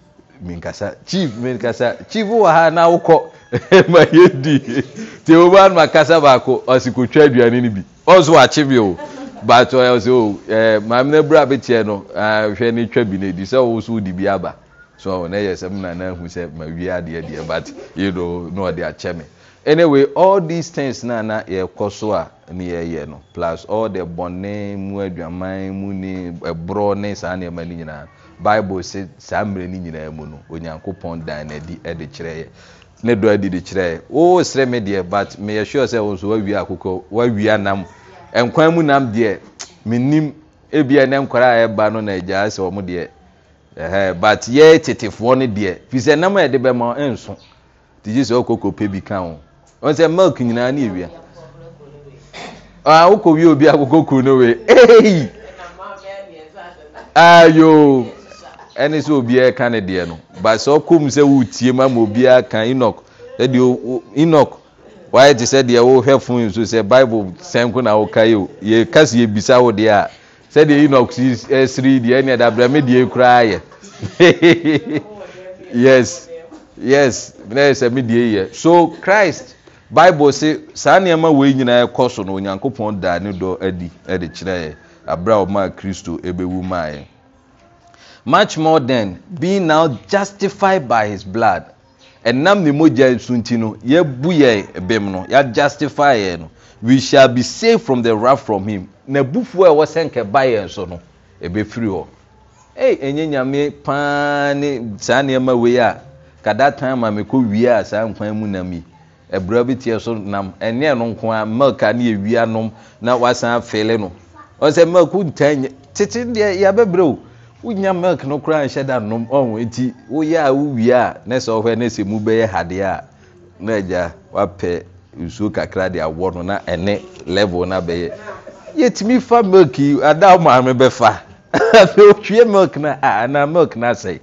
minkasa chief minkasa chief wɔ ha na awokɔ [laughs] ma yɛ di te o ba ma kasa baako ɔsi ko twa aduane no bi ɔn so wakye bi o baatɔ ɛsɛ o oh, ɛɛ eh, maame na aburo abetia no ɛɛ ah, hwɛ ne twa bi na edi sɛ ɔwɔ so di bi aba so na yɛ sɛ muna na hu sɛ ma wi adeɛ deɛ but you know na ɔde akyɛ me anyway all these things na na yɛkɔ so a ne yɛyɛ no plus all the bɔnne mu adwaman mu ne ɛborɔ ne saa nneɛma no nyinaa bible sɛ saa mmerɛ no nyinaa mu no onyankopɔn dan na adi de kyerɛ yɛ ne dɔ adi e, de kyerɛ yɛ o srɛ me deɛ but meyɛ sure sɛ wɔn nso wawie akokɔ wawie anam e, nkwan mu nam deɛ menim ebia e, ne nkwaraa a ɛba no na agyaa sɛ wɔn deɛ. but yɛ tetefoɔ no deɛ firi sɛ nam a yɛde bɛma nso nti gye sɛ wokɔkɔpɛ bi ka ho ɔn sɛ milk nyinaa ne ɛwia wokɔ wi obi akokɔku no wei ayo ɛne sɛ obiaa ka ne deɛ no but sɛ ɔkɔm sɛ woretie ma ma obiaa ka enok sɛdeɛ enok wayɛ te sɛ deɛ wohwɛ fo nso sɛ bible sɛnko na woka yɛ o yɛka sɛ yɛbisa wo deɛ a sɛdeɛ enox siri deɛ ɛne ɛda brɛ me deɛ koraa yɛ yes yes ne sɛ me deɛ yɛ so christ bible say saa nneɛma wei nyinaa ɛkɔ so no onyankopɔn daa ne dɔ adi ɛde kyerɛ yɛ abira ɔmaa kristo ɛbɛwu maa yɛ much more than being now justified by his blood ɛnam ne mogya nso nti no yɛbu yɛ bɛm no yɛ justify yɛ no we shall be saved from the wrath from him n'abufuo a ɛwɔ sɛ nkɛba yɛn so no ɛbɛfiri hɔ ei ɛnyɛ nyame paa ne saa nneɛma wei a kada time a mekɔ wie a saa nkwan mu nam yi abura bi tiɛ so nam ɛneɛ no nko a milk a ne yɛwia nom na wasan afele no ɔn sɛ milk ntaa nyɛ tete deɛ yɛabɛbrɛ o wonya milk no koraa nhyɛ da nom ɔn nti woyɛ a wowie a ne sɛ ɔhwɛ ne sɛ mu bɛyɛ hadeɛ a na agya wapɛ nsuo kakra de awɔ no na ɛne level na bɛyɛ. yɛtumi fa milk yi ada maame bɛfa [laughs] afei otwie milk na a anaa milk na asɛe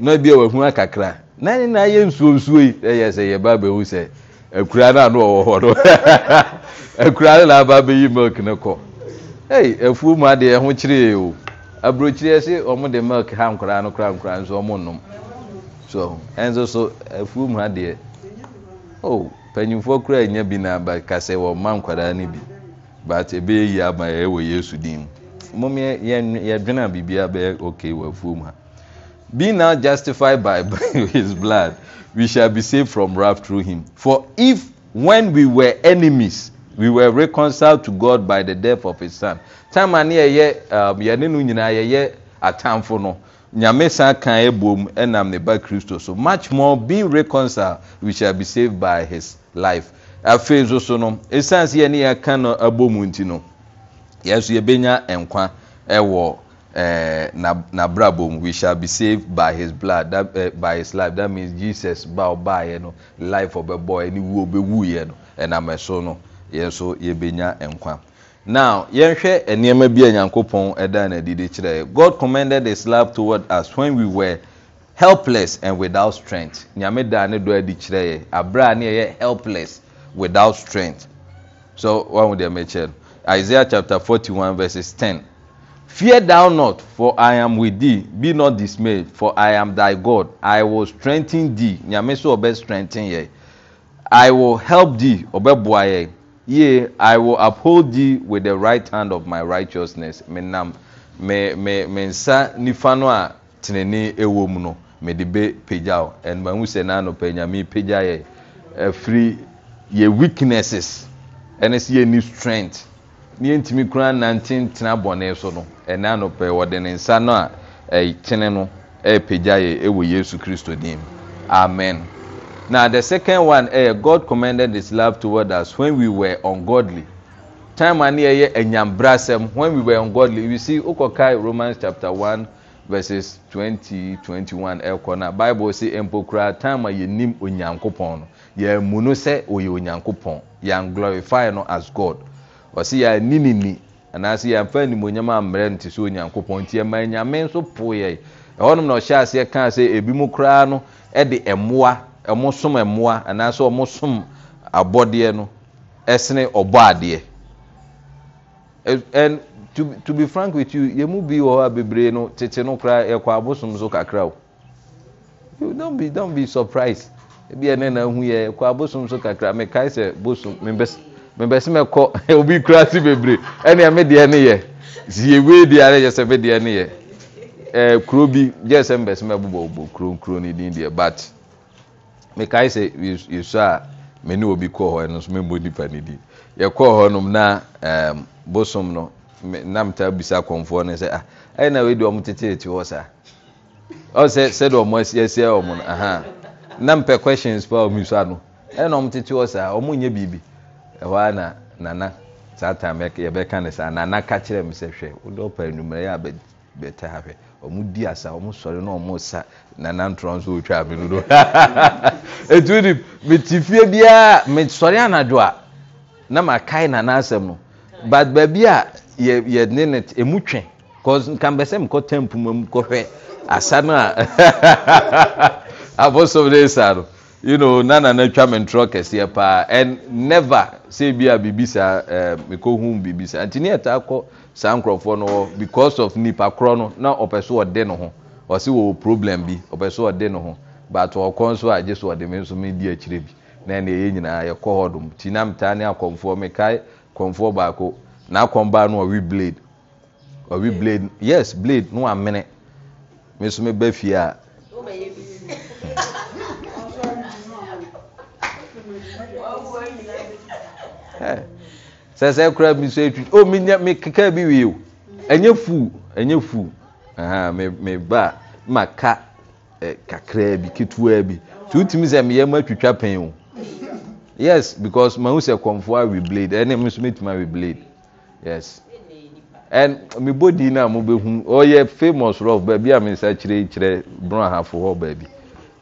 na bia wahu akakra na ne na ayɛ nsuo nsuo yi ɛyɛ sɛ yɛba abɛhu sɛ akura na ano ɔwɔ hɔ no [laughs] akura no na aba abɛyi milk no kɔ ei afuo mu adeɛ ho kyeree o aburokyire ɛsɛ ɔmo de milk ha nkora no kora nkora nso ɔmo nom so ɛnso so afuo mu adeɛ o oh, panyinfoɔ kura nya bi na aba kasɛ wɔn mma nkwadaa no bi. but ebe yi ama ya wɔ yesu dim mom yɛdwene a biribia bɛyɛ okay wɔ afuom ha being now justified by, [laughs] his blood we shall be saved from wrath through him for if when we were enemies we were reconciled to God by the death of his son time a ne yɛyɛ um, yɛne no nyinaa yɛyɛ atamfo no nyame san kan ebom ɛnam ne ba kristo so much more being reconciled we shall be saved by his life afei nso so no ɛsiane sɛ yɛne yɛka no abɔ mu nti no yɛso yɛbɛnya nkwa ɛwɔ eh, nabrabɔ mu we shall be saved by his blood that, uh, by his life that means Jesus ba ɔbaeɛ no life ɔbɛbɔ ɛne wuo bɛwuiɛ no ɛnam ɛso no yɛso yɛbɛnya nkwa now yɛnhwɛ nneɛma bi a nyankopɔn ɛda na didi kyerɛ God commended his love toward us when we were helpless and without strength nyame daa ne dɔ adi kyerɛ yɛ abere ne yɛ helpless without strength so one with them mention? Isaiah chapter 41 verses 10 fear thou not for I am with thee be not dismayed for I am thy God I will strengthen thee nyame so ọbẹ strengthen ye. I will help thee ọbẹ bua yẹ yea I will uphold thee with the right hand of my righteousness me me me me nsa nifa no a tenene ɛwɔ mu no me de be pagya o ɛnumanu sɛ n'ano nyame pagya yɛ ɛfiri yɛ weaknesses ɛne sɛ yɛni strength ne yɛntumi koraa nante ntena bɔne so no ɛna anɔpɛ wɔde ne nsa no a ɛkyene no ɛɛpagya yɛ ɛwɔ yesu kristo dim amen now the second one eh, god commended his love toward us when we were ungodly time a ne yɛyɛ anyambrasɛm when we were ungodly you see wokɔkae romans chapter one verses twenty twenty one ɛkɔ na bible say mpo koraa time a nim onyankopɔn no yɛmmu no sɛ ɔyɛ onyankopɔn yɛn glorify no as god ɔsi yɛani ne ni anaasɛ yɛamfa animonyam ammrɛ nte sɛ onyankopɔn nti ɛma nyame nso poyɛ ɛhɔnom na ɔhyɛ aseɛ kaa sɛ ebi mu koraa no ɛde ɛmmoa ɔmosom ɛmmoa anaasɛ ɔmosom abɔdeɛ no ɛsene ɔbɔ adeɛ and to to be frank with you yɛmu bi wɔ hɔ a bebree no tete no koraa ɛkɔ abosom so kakra o you don't be don't be surprised ebi bia ne nahu yɛ kɔ abosom so kakra mekae sɛ bosom mebɛse mɛkɔ [laughs] e obi kora se bebree ɛnea medeɛ ne yɛ siyɛwei deɛ ara yɛ sɛ medeɛ ne yɛ e, kuro bi gye sɛ mbɛse mɛbobɔ bɔ kuro kuro ne din deɛ bat mekae sɛ yesu a me ne obi kɔ hɔ ɛno nso memmɔ nipa ne din yɛkɔ hɔ nom na bosom no ah, na mtaa bisa kɔnfoɔ no sɛ ah ɛna wei deɛ ɔmo teteete hɔ saa ɔsɛ sɛdeɛ ɔmo asiasia ɔmo no ahaa na mpɛ questions pa ɔmo so ano ɛna ɔmo tete hɔ saa ɔmo nyɛ biribi ɛhɔ a nana saa time yɛbɛka ne saa nana ka kyerɛ mi sɛ hwɛ wodɔ pa enumere yɛ abɛ bɛtɛ ahwɛ ɔmo di asa ɔmo sɔre na ɔmo sa nana ntorɔ nso otwa abi no do [laughs] etu di mi fie bia mi sɔre anadwo a na ma kae nana asɛm no but baabi a yɛ yɛ ne ne emu twɛn cause [laughs] nkan bɛ sɛ mi kɔ temple mu kɔ hwɛ asa no a. apostle de sa no you know nana na atwa me ntorɔ kɛseɛ paa and never say bi a biribi Sa ɛɛ eh, meko hum biribi saa nti ne yɛ taa saa nkurɔfoɔ no wɔ because of nipa korɔ no na ɔpɛ so ɔde ne ho ɔsi wɔ problem bi ɔpɛ so ɔde ne ho but ɔkɔ nso a gye so ɔde me nso me di akyire bi na ɛna ɛyɛ nyinaa yɛkɔ hɔ dom ti nam taa ne akɔmfoɔ mekae kɔmfoɔ baako na akɔmbaa no ɔwi blade ɔwi blade yes blade no amene me nso me ba fie a. sɛ sɛ kora mi so etwi o oh, mi nya mi keka bi wi o ɛnyɛ fu ɛnyɛ fu mi mi ba ma ka ɛ kakraa bi ketewa bi tuntun sɛ mi yɛ ma twitwa pɛn o yes because ma mahu sɛ kɔnfo awi blade ɛna mi nso mi ma awi blade yes and mi body na mo bɛ hun ɔyɛ famous rough baabi a mi nsa kyerɛ kyerɛ brown ahafo hɔ baabi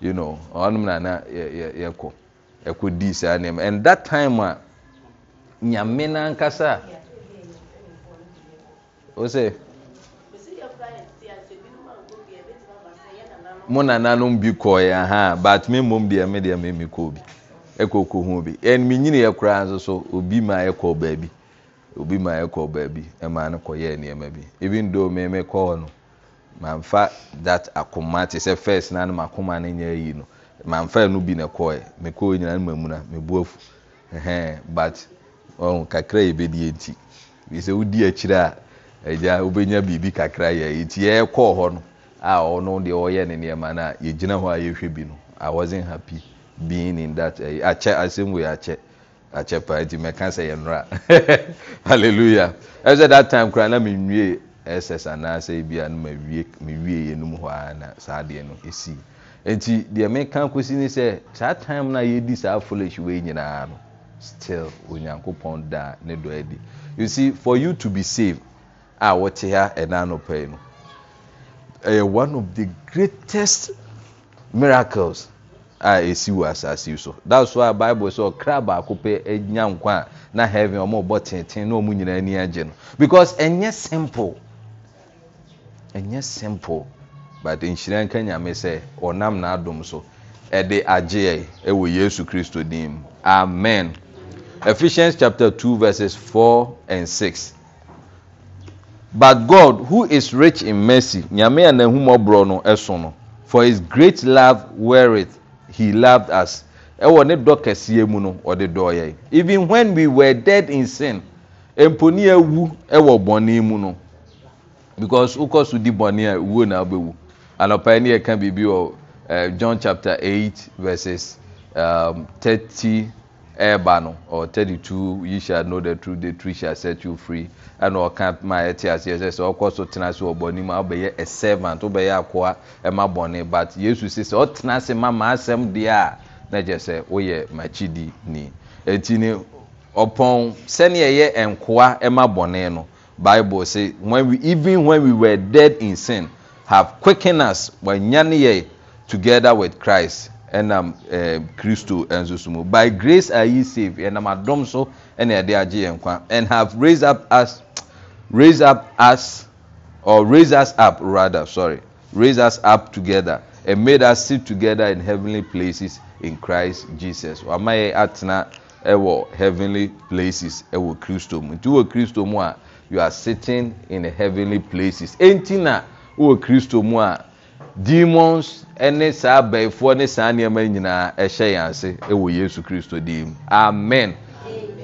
you know ɔnum na yɛ yɛ yɛ kɔ. ɛkɔdii saa nnoɔma and that time a nyame sɛ mo nananom bi but me deɛ me deɛ bi bi nso so obi ma ɛkɔ baabi obi ma ɛkɔ baabi no bi even though me me no that akoma te sɛ first na no no nyɛ mamfɛn no bi na kɔɛ mekɔɛ nyinaa no mamuna mebu afu ɛhɛn but ɔn kakra yɛ bɛ die nti bisɛ wodi akyire a ɛgya wobɛnya biribi kakra yɛ eti yɛkɔɔ hɔ no a ɔno deɛ ɔyɛ ne nneɛma no a yɛgyina hɔ a yɛhwɛ bi no I wasn't happy being in that ɛyi eh, akyɛ asɛm wɔ akyɛ akyɛ paa nti mɛka sɛ yɛ nnora [laughs] hallelujah ɛsɛ that time koraa na menwie ɛsɛs anaasɛ ebi a no ma wie me wie yɛnum hɔ ara na saa adeɛ no esi nti deɛ meka kosi ne sɛ saa time na a yɛdi saa foolish wei nyinaa no still onyankopɔn da ne dɔ adi you see for you to be saved a wɔte ha ɛna anɔpa yi no ɛyɛ one of the greatest miracles a ɛsi wɔ asase yi so that's why bible sɛ ɔkra baako pɛ ɛnya nkwa a na heaven ɔmo ɔbɔ tenten na ɔmo nyinaa ani agye no because ɛnyɛ simple ɛnyɛ simple. but nhyira nka nyame sɛ ɔnam n'adom so ɛde agyeɛ ɛwɔ yesu kristo dim amen ephesians chapter 2 verses 4 and 6 but god who is rich in mercy nyame a n'ahumɔborɔ no ɛso no for his great love it he loved us ɛwɔ ne dɔ kɛseɛ mu no ɔde dɔɔyɛ even when we were dead in sin mponi ewu ɛwɔ bɔnne mu no because wokɔ so di bɔnne a wuo na abɛwu anɔpa ni yɛka biribi wɔ john chapter eight verses um, thirty ɛɛba no or thirty two you shall know the truth the truth shall set you free ɛna ɔka ma ɛte aseɛ sɛ sɛ ɔkɔ so tena so ɔbɔ ne mu a ɔbɛyɛ a servant ɔbɛyɛ akoa ɛma bɔne but yesu sɛ sɛ ɔtena se ma ma asɛm deɛ a na gye sɛ woyɛ makyidi ni eti ni ɔpɔn sɛnea ɛyɛ nkoa ɛma bɔne no bible say when we even when we were dead in sin have quickened us wɔanyane yɛ together with christ ɛnam um, kristo eh, nso so mu by grace are ye saved ɛnam um, adom so ɛna ɛde agye yɛn kwa and have raised up us raised up us or raised us up rather sorry raised us up together and made us sit together in heavenly places in christ jesus wama yɛ atena ɛwɔ heavenly places ɛwɔ kristo mu nti wɔ kristo mu a you are sitting in the heavenly places enti na. Ụwa kristo mu a demons ne saa bayifoɔ ne saa nnoɔma nyinaa ɛhyɛ yɛn ase wɔ yesu kristo mu amen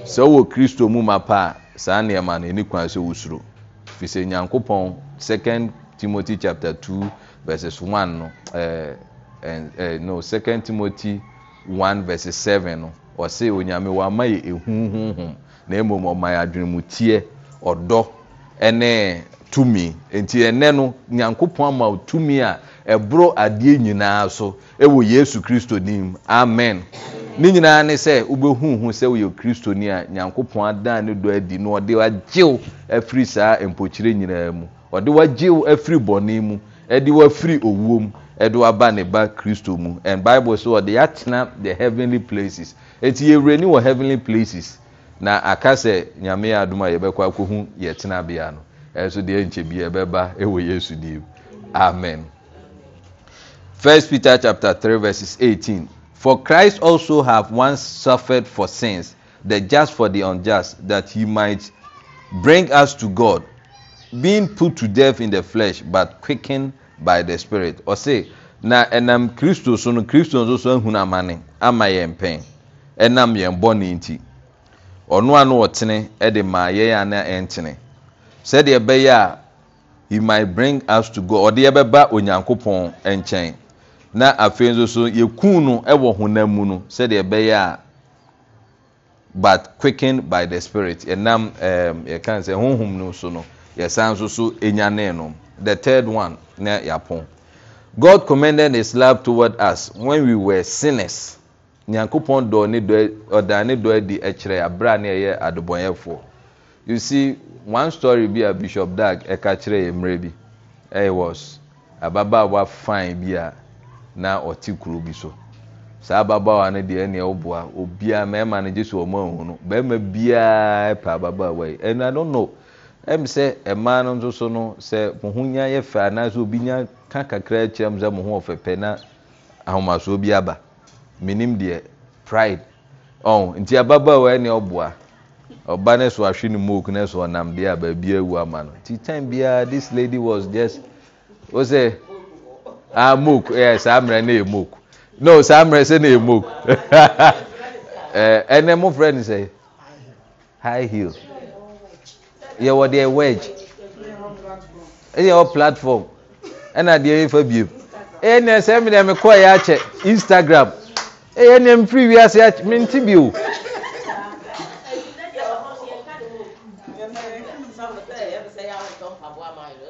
sɛ ụwa kristo mu ma pa a saa nnoɔma no ɛni kwan sɛ wosuro firi nyankopɔn second timothy chapter 2 verses 1 no eh, no second timothy 1 7 no ɔse onyame wama yɛ ɛhu na mmom ɔma yɛ ɛne tumi nti ɛnɛ no nyankopɔn ama tumi a ɛboro adeɛ nyinaa so ɛwɔ yesu kristo nim amen ne nyinaa ne sɛ wobɛhu hu sɛ woyɛ kristoni a nyankopɔn adan ne dɔ adi na ɔde wagyew afiri saa mpokyerɛ nyinaa mu ɔde wagyew afiri bɔne mu ɛde wafiri owuo mu ɛde waba ne ba kristo mu and bible so ɔde yɛatena the heavenly places ɛnti yɛwurani wɔ heavenly places na aka sɛ nyame adom a yɛbɛkɔ akɔhu yɛtena bea no ɛso deɛ nkyɛ bia ɛbɛba ɛwɔ yesu amen 1 peter chapter 3 verses 18 for christ also have once suffered for sins the just for the unjust that he might bring us to god being put to death in the flesh but quickened by the spirit say, na enam kristo so no kristo nso so ahunu amane ama yɛn pɛn ɛnam yɛn bɔne nti ɔno a no ɔtene maa na sɛdeɛ ɛbɛyɛ a he might bring us to God ɔde yɛbɛba onyankopɔn nkyɛn na afei nso so yɛkuu no wɔ honam mu no sɛdeɛ ɛbɛyɛ a but quickened by the spirit ɛnam ɛɛm yɛka sɛ honhom no so no yɛsan nso so enyanee no the third one na yɛapɔn God commended his love toward us when we were sinners nyankopɔn dɔ ne dɔ ɔdan ne dɔ adi ɛkyerɛ abira ne ɛyɛ adubɔnyɛfoɔ you see. one story bi a bishop dag ɛka e kyerɛ yɛ mmerɛ bi ɛyɛ e was ababaawa fine bi a na ɔte kuro bi so saa ababaawa no deɛ ɛnea ɔboa obiara mmarima no gye so wɔn ahunu barima biara ɛpɛ ababaawa yi Ɛna no n'o, know ɛm sɛ mmaa no nso so no sɛ mo ho nya yɛ fɛ anaasɛ obi nya ka kakra kyerɛ mo sɛ mo ho ɔfɛ pɛ na ahomasoɔ bi aba menim deɛ pride ɔn nti ababaawa ɛnea ɔboa. ɔba no so ahwe no mook no so ɔnam deɛ baabi awu ama no nti time biara this lady was just o sɛ ah mook ɛ eh, saa mmerɛ no yɛ mook no saa mmerɛ sɛ no yɛ mook [laughs] eh, ɛnɛ mo frɛ no sɛ high heel yɛwɔ deɛ wedge ɛyɛ wɔ platform ɛna deɛ yɛfa biem eh, ɛyɛ nea sɛ mi deɛ mi kɔ yɛ akyɛ instagram ɛyɛ nea mfiri wiase akyɛ mi nti bi o.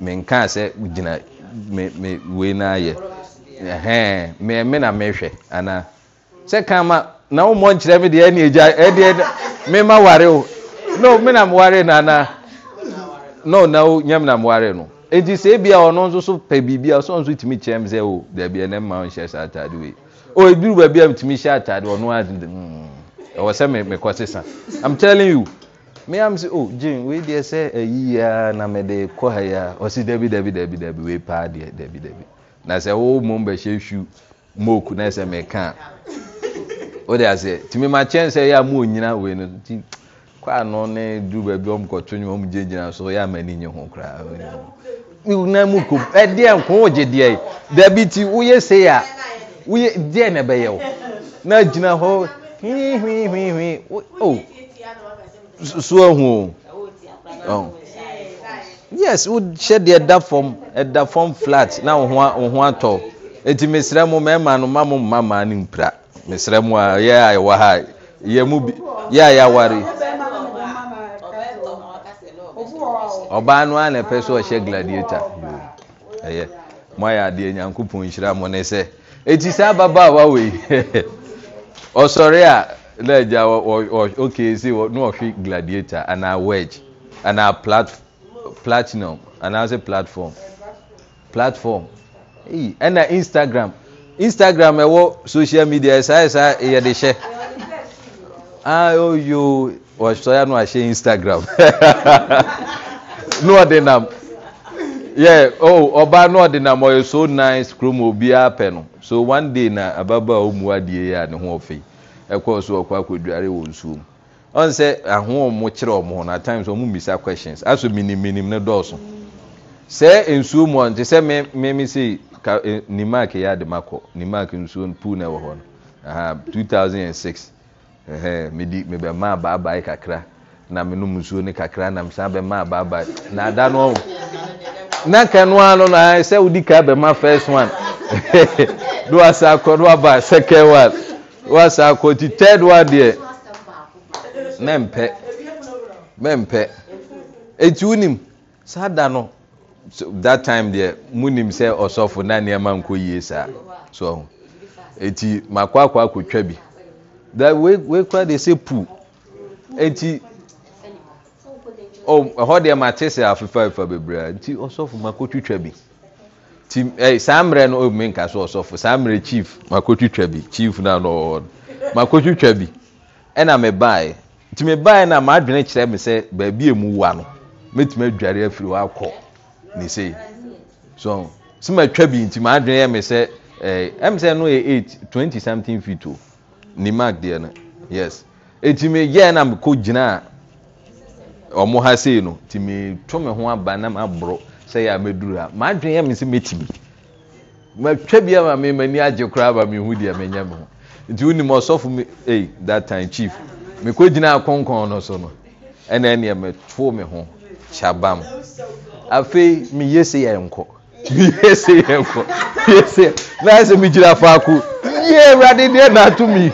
menkaa sɛ gyina wei noayɛ me na mehwɛ anaa sɛ ka ma na wommɔ nkyerɛ me deɛ ɛneɛgya mema ware o no me na meware no anaa no na nyam na meware no ɛnti sɛ bia ɔno nso so pɛ biribia ɔsɛ nso tumi kyerɛ me sɛ o oh, daabia ne mma nhyɛ saa atade wei o ɛduru baabi a metumi hyɛ atade ɔno hmm. ɛwɔ sɛ mekɔ sesa I'm telling you meyam sɛ oh, eh, o gyen wei deɛ sɛ ayiyiaa na mede kɔ ha yia ɔsi debi debi debi dabi wei paa deɛ debi debi na sɛ wo mom bɛhyɛ hwi mook na sɛ meka wode aseɛ tumi ma kyɛn sɛ yɛ a onyina wei no nti kɔ ano ne duru baabi ɔm kɔto nwuma ɔm gyinagyina so yɛ ama ani nye ho koraa eh, na mu kom ɛdeɛ nko wo gye deɛ dabi ti woyɛ sei ya woyɛ deɛ oh. na ɛbɛyɛ wo na egyina hụ hwi hwi hwi hwi o. Oh. so ahu o oh. oh. yes wohyɛ deɛ ɛda fam ɛda fam flat na wo ho atɔ eti mesrɛ mo mɛma no ma mo mma maa ne mpira mesrɛ mo a yɛ a yɛwɔ ha yɛ mu bi yɛ a yɛaware ɔbaa no a na ɛpɛ so ɔhyɛ gladiator hmm. ɛyɛ mo ayɛ adeɛ nyankopɔn nhyira mo ne sɛ eti saa ababaawa wei [laughs] ɔsɔre a lẹẹja ọ ọ ok si ọ na ọhwe gladiator anaa wedge anaa plat platinum anaa sẹ platform platform eyi ẹna instagram instagram ẹwọ social media ẹsẹ ẹsẹ yẹde hyẹ ayoyo ọsọya no ahyẹ instagram [laughs] na ọde nam yeah oh ọbaa na ọde nam ọyẹ so nice kurom obiara pẹ no so one day na ababaawa mu adie yẹ a ne ho ọfẹ yi. ɛkɔɔ so ɔkɔ akɔduare wɔ nsuom ɔn sɛ ahoɔmo kyerɛ ɔmo ho na times ɔmo mmisa questions aso miniminim ne dɔɔso sɛ nsuo mu ɔnte sɛ mmemme sei ka e, nimak yɛ ade makɔ nimak nsuo pool na ɛwɔ hɔ no aha 2006 ɛhɛn medi mebɛ maa baabae kakra na menom nsuo ne kakra na mesan bɛ maa baabae na ada no ɔmo na kanoa no na sɛ wodi ka bɛ ma first one [laughs] do asa akɔ do aba second one. wasa akɔti third one deɛ mempɛ mempɛ ɛnti wonim saa da no that time deɛ munim sɛ ɔsɔfo na nnoɛma nkɔ yie saa so ɛnti makɔ akɔ akɔtwa bi that wei kora deɛ sɛ pu eti oh, ɛhɔ deɛ mate sɛ afefaifa bebreea nti ɔsɔfo makɔtwitwa bi Tim, ɛ eh, saa mmerɛ no ɔmu nka so ɔsɔfo saa mmerɛ chief makotwitwa bi chief na no ɔwɔ no makotwitwa bi ɛna me baeɛ nti me baeɛ na maadwene kyerɛ me sɛ baabi emu wa no mɛtumi adware afiri hɔ akɔ ne sei so sɛ matwa bi nti maadwene yɛ me sɛ ɛɛ eh, ɛm sɛ no yɛ eight twenty something feet o ne mark deɛ no yes eti me yɛ na me kɔ gyina a ɔmo ha sei no ti me to me ho aba na ma borɔ sɛ yɛ abɛduru a maadwene yɛ me sɛ mɛtumi matwa bi ama me m'ani agye koraa ba mehu deɛ menya me ho nti wonim ɔsɔfo me ei that time chief mekɔgyina akɔnkɔn no so no ɛna ɛneɛ metoo me ho hyabam afei meyɛ sɛ yɛ nkɔ meyɛ sɛ yɛ nkɔ meyɛ sɛ na sɛ megyina faako yɛ awurade deɛ naato mi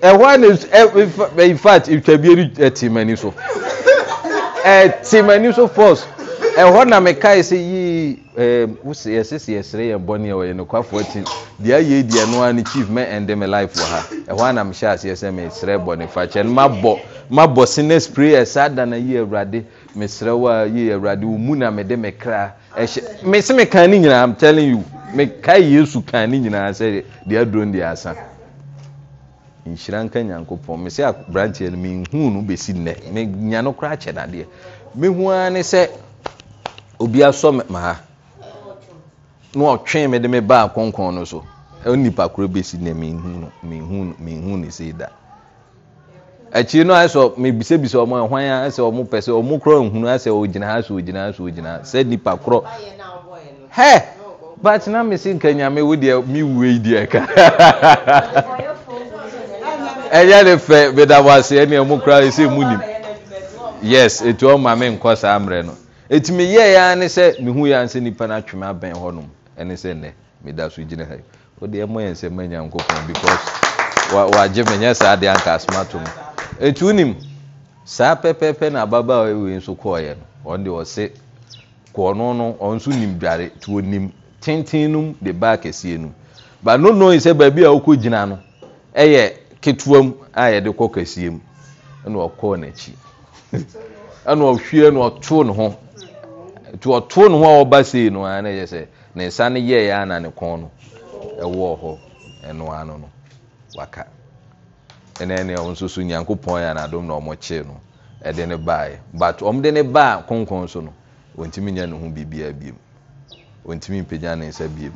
ɛhɔ a na in fact itwa e, bi ɛti e, m'ani so ɛti e, m'ani so first ɛhɔ na mekae sɛ yii yɛsese eh, yɛsere yɛ bɔne a ɔyɛ nokwafoɔ ati deɛ ayɛ di ɛno a no chief mɛ ɛnde me life wɔ ha ɛhɔ a na mehyɛ aseɛ sɛ mesrɛ bɔne ma no ma mabɔ sinus prayer saa da na yie awurade mesrɛ wo a yie awurade wo na mede me kra ɛhyɛ me se meka ne nyinaa i'm telling you mekae yesu ka ne nyinaa sɛ deɛ aduro deɛ asa nhyira nka nyankopɔn me sɛ aberanteɛ no menhuu no bɛsi nnɛ menya no koraa akyɛ nadeɛ mehu ara ne sɛ obi asɔ ma ha na ɔtwe me de me baa kɔnkɔn no so nipa koro besi na mehu ne sei da akyiri no ayɛsɛ mebisabisa ɔmo ɛhwan a ɛsɛ ɔmo pɛ sɛ ɔmo korɔ nhunu asɛ ogyina ha sɛ ogyina ha sɛ ogyina ha sɛ nipa korɔ hɛ but na me se nka nyame wo deɛ me wue yi deɛ ka [laughs] ɛyɛ ne fɛ bɛda wɔ aseɛ ne ɛmo mu nim yes etu ɔmo ma nkɔ saa mmerɛ no. ɛtumi yɛɛ a ne ya mehu yɛa sɛ nnipa no atweme abɛn hɔnom ɛne sɛ nnɛ meda so gyina hai wode ɛmɔ yɛ sɛ manya nkopɔn because wagye menyɛ saa deɛ anka saa pẹpẹpẹ na ababa a wei nso kɔɔyɛ no ɔn de no nim dware tenten de baa [laughs] nti ɔtoo no ho a ɔba sei no a na yɛ sɛ ne nsa no yɛeɛ ana ne kɔn no ɛwɔ hɔ ɛnoa no no waka ɛnɛ ne ɔmo nso so nyankopɔn yɛ anadom na ɔmo kyee no ɛde ne baeɛ but ɔmo de ne ba konkon so no wɔntumi nya ne ho biribiara biem wɔntumi mpagya ne nsa biem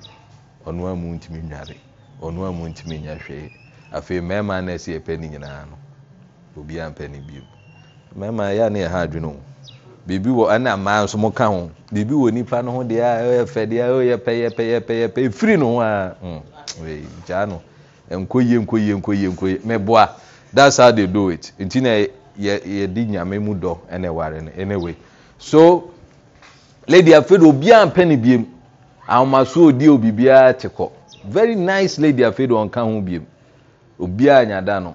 ɔno a mu ntumi nware ɔno a mu ntumi nya hwee afei mmarima na ɛsi ɛpɛ ne nyinaa no obiara mpɛ ne biem mmarima yɛ ne yɛ ha adwene o biribi wɔ ɛna mmaa nso mo ka ho biribi wɔ nipa no ho deɛ a ɛyɛ fɛ deɛ a ɛyɛ pɛ yɛ pɛ yɛ pɛ yɛ pɛ efiri no ho a ɛɛ mm, gyaa no nkɔ yie nkɔ yie nkɔ yie nkɔ yie mɛboa that's how they do it nti na yɛ yɛdi nyame mu dɔ ɛna ɛware no anyway so lady afedo obiara mpɛ ne biem ahomaso odi obi biara te kɔ very nice lady afedo ɔnka ho biem obiara nyada no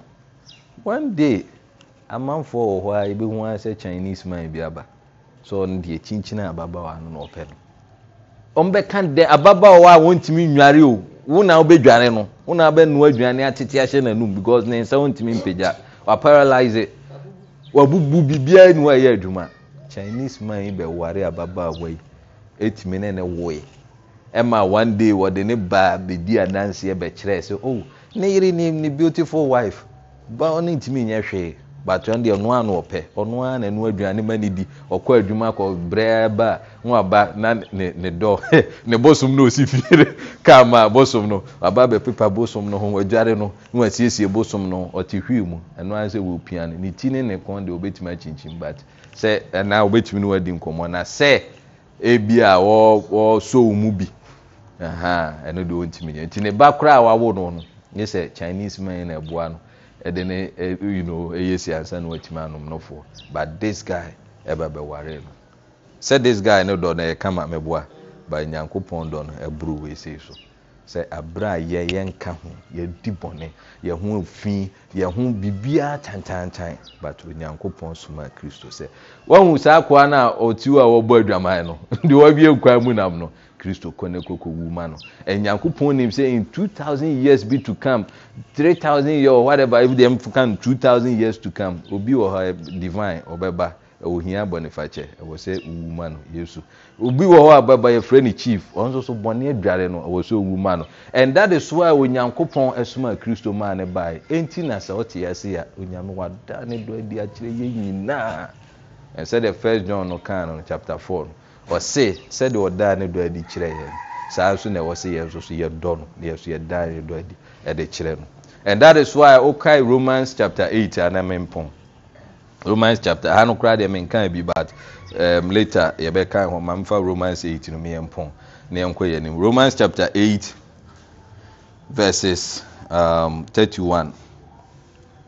one day amanfoɔ wɔ hɔ a ebi ho asɛ chinese man bi aba. sɔɔndeɛ kyinkyina ababaa no naɔpɛ no ababaawa a wɔntumi nnware o wona wobɛdware no wona wobɛnoa aduane atete ahyɛ n'anom because ne nsa wontumi mpagya waparalise wabubu biribiara nu ayɛ adwuma chinese man yi bɛware ababaawa yi ɛtumi ne ne woe ma one day wɔde ne baa bɛdi adanseɛ bɛkyerɛɛ sɛ oh, ne yere ne beautiful wife ba ntumi nyɛ batɔn deɛ ɔno ano ɔpɛ ɔno ara na ɛno aduane ma ne di ɔkɔ adwuma kɔ brɛɛ ba a ŋun aba na ne ne dɔ [laughs] ne bosom no osi fie [laughs] kaa ma bosom no aba bɛ pepa bosom no ho adware no ŋun asiesie bosom no ɔte hwii mu ɛno ara sɛ wɔpia no ne ti ne ne kɔn deɛ obetumi akyinkyim bat sɛ ɛnaa obetumi no wadi nkɔmɔ na sɛ ebi a wɔ wɔsɔ mu bi ɛno deɛ ɔntumi nyɛ nti ne ba koraa wawo no no nye sɛ Chinese man na ɛboa no. ɛde ne eh, you know ɛyɛ si ansa na watumi anum nofoɔ but this guy ɛba eh, bɛware no sɛ this guy no dɔ eh, [laughs] no yɛ kama mɛboa but nyankopɔn dɔ no ɛburu wɔ esi so sɛ abira a yɛ yɛn ka ho yɛdi bɔne yɛn ho fi yɛn ho bibia kyankyankyan but onyankopɔn soma kristo sɛ wɔn mu saa akoa no a ɔtiw a wɔbɔ adwaman no deɛ wɔabie nkwan mu nam no kristo kɔ ne kɔkɔ wu ma no nyankopɔn nim sɛ in two thousand years bi to come three thousand years or whatever if dem come two thousand years to come obi wɔ hɔ divine ɔbɛba ɛwɔ hia bɔnifakyɛ ɛwɔ sɛ owu ma no yesu obi wɔ hɔ ababa yɛfrɛ no chief ɔno nso so bɔnne adware no ɛwɔ sɛ owu ma no and that is why onyankopɔn ɛsoma kristo maa ne baa enti na sɛ ɔte ase a onyame wada ne dɔ adi akyerɛ yɛ nyinaa and sɛ the first john no kan no chapter four no ɔse sɛdeɛ ɔdaa ne dɔ adi kyerɛ yɛn saa nso na ɛwɔ yɛn nso so yɛdɔ no na yɛn nso yɛdaa ne dɔ adi ɛde kyerɛ no and that is why okay, Romans chapter eight anam mpɔn Romans chapter ha no koraa deɛ menkan bi but um, later yɛbɛkan ho ma mfa Romans eight no yɛn mpɔn na yɛn nkɔ yɛn nim Romans chapter eight verses um, thirty-one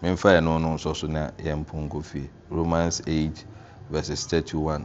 memfa yɛn no no nso so na yɛn mpɔn kɔ fie Romans eight verses thirty-one.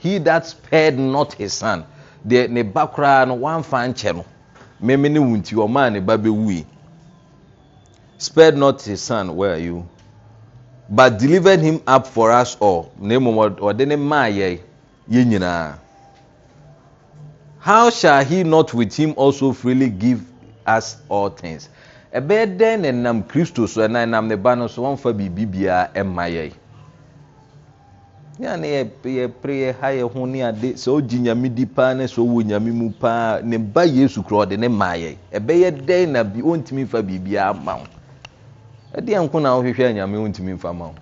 he that spared not his son deɛ ne ba koraa no wamfa nkyɛ no mɛmɛ ne wu nti ɔmaa ne ba spared not his son where are you but delivered him up for us all na mmom ɔde ne maa yɛ yɛ nyinaa how shall he not with him also freely give us all things ɛbɛyɛ dɛn na nam kristo so ɛna nam ne ba no so wɔmfa biribi biara ɛma yɛ. yɛa ne yɛpere yɛha yɛ ho ne ade sɛ ogye nyame di paa ne sɛ ɔwɔ nyame mu paa ne ba yesu kora ɔde ne maayɛ ɛbɛyɛ dɛn na bi ɔntumi mfa biribiaa ma wo ɛdeɛ nko na wohwehwɛ a nyame ɔntumi mfa ma wo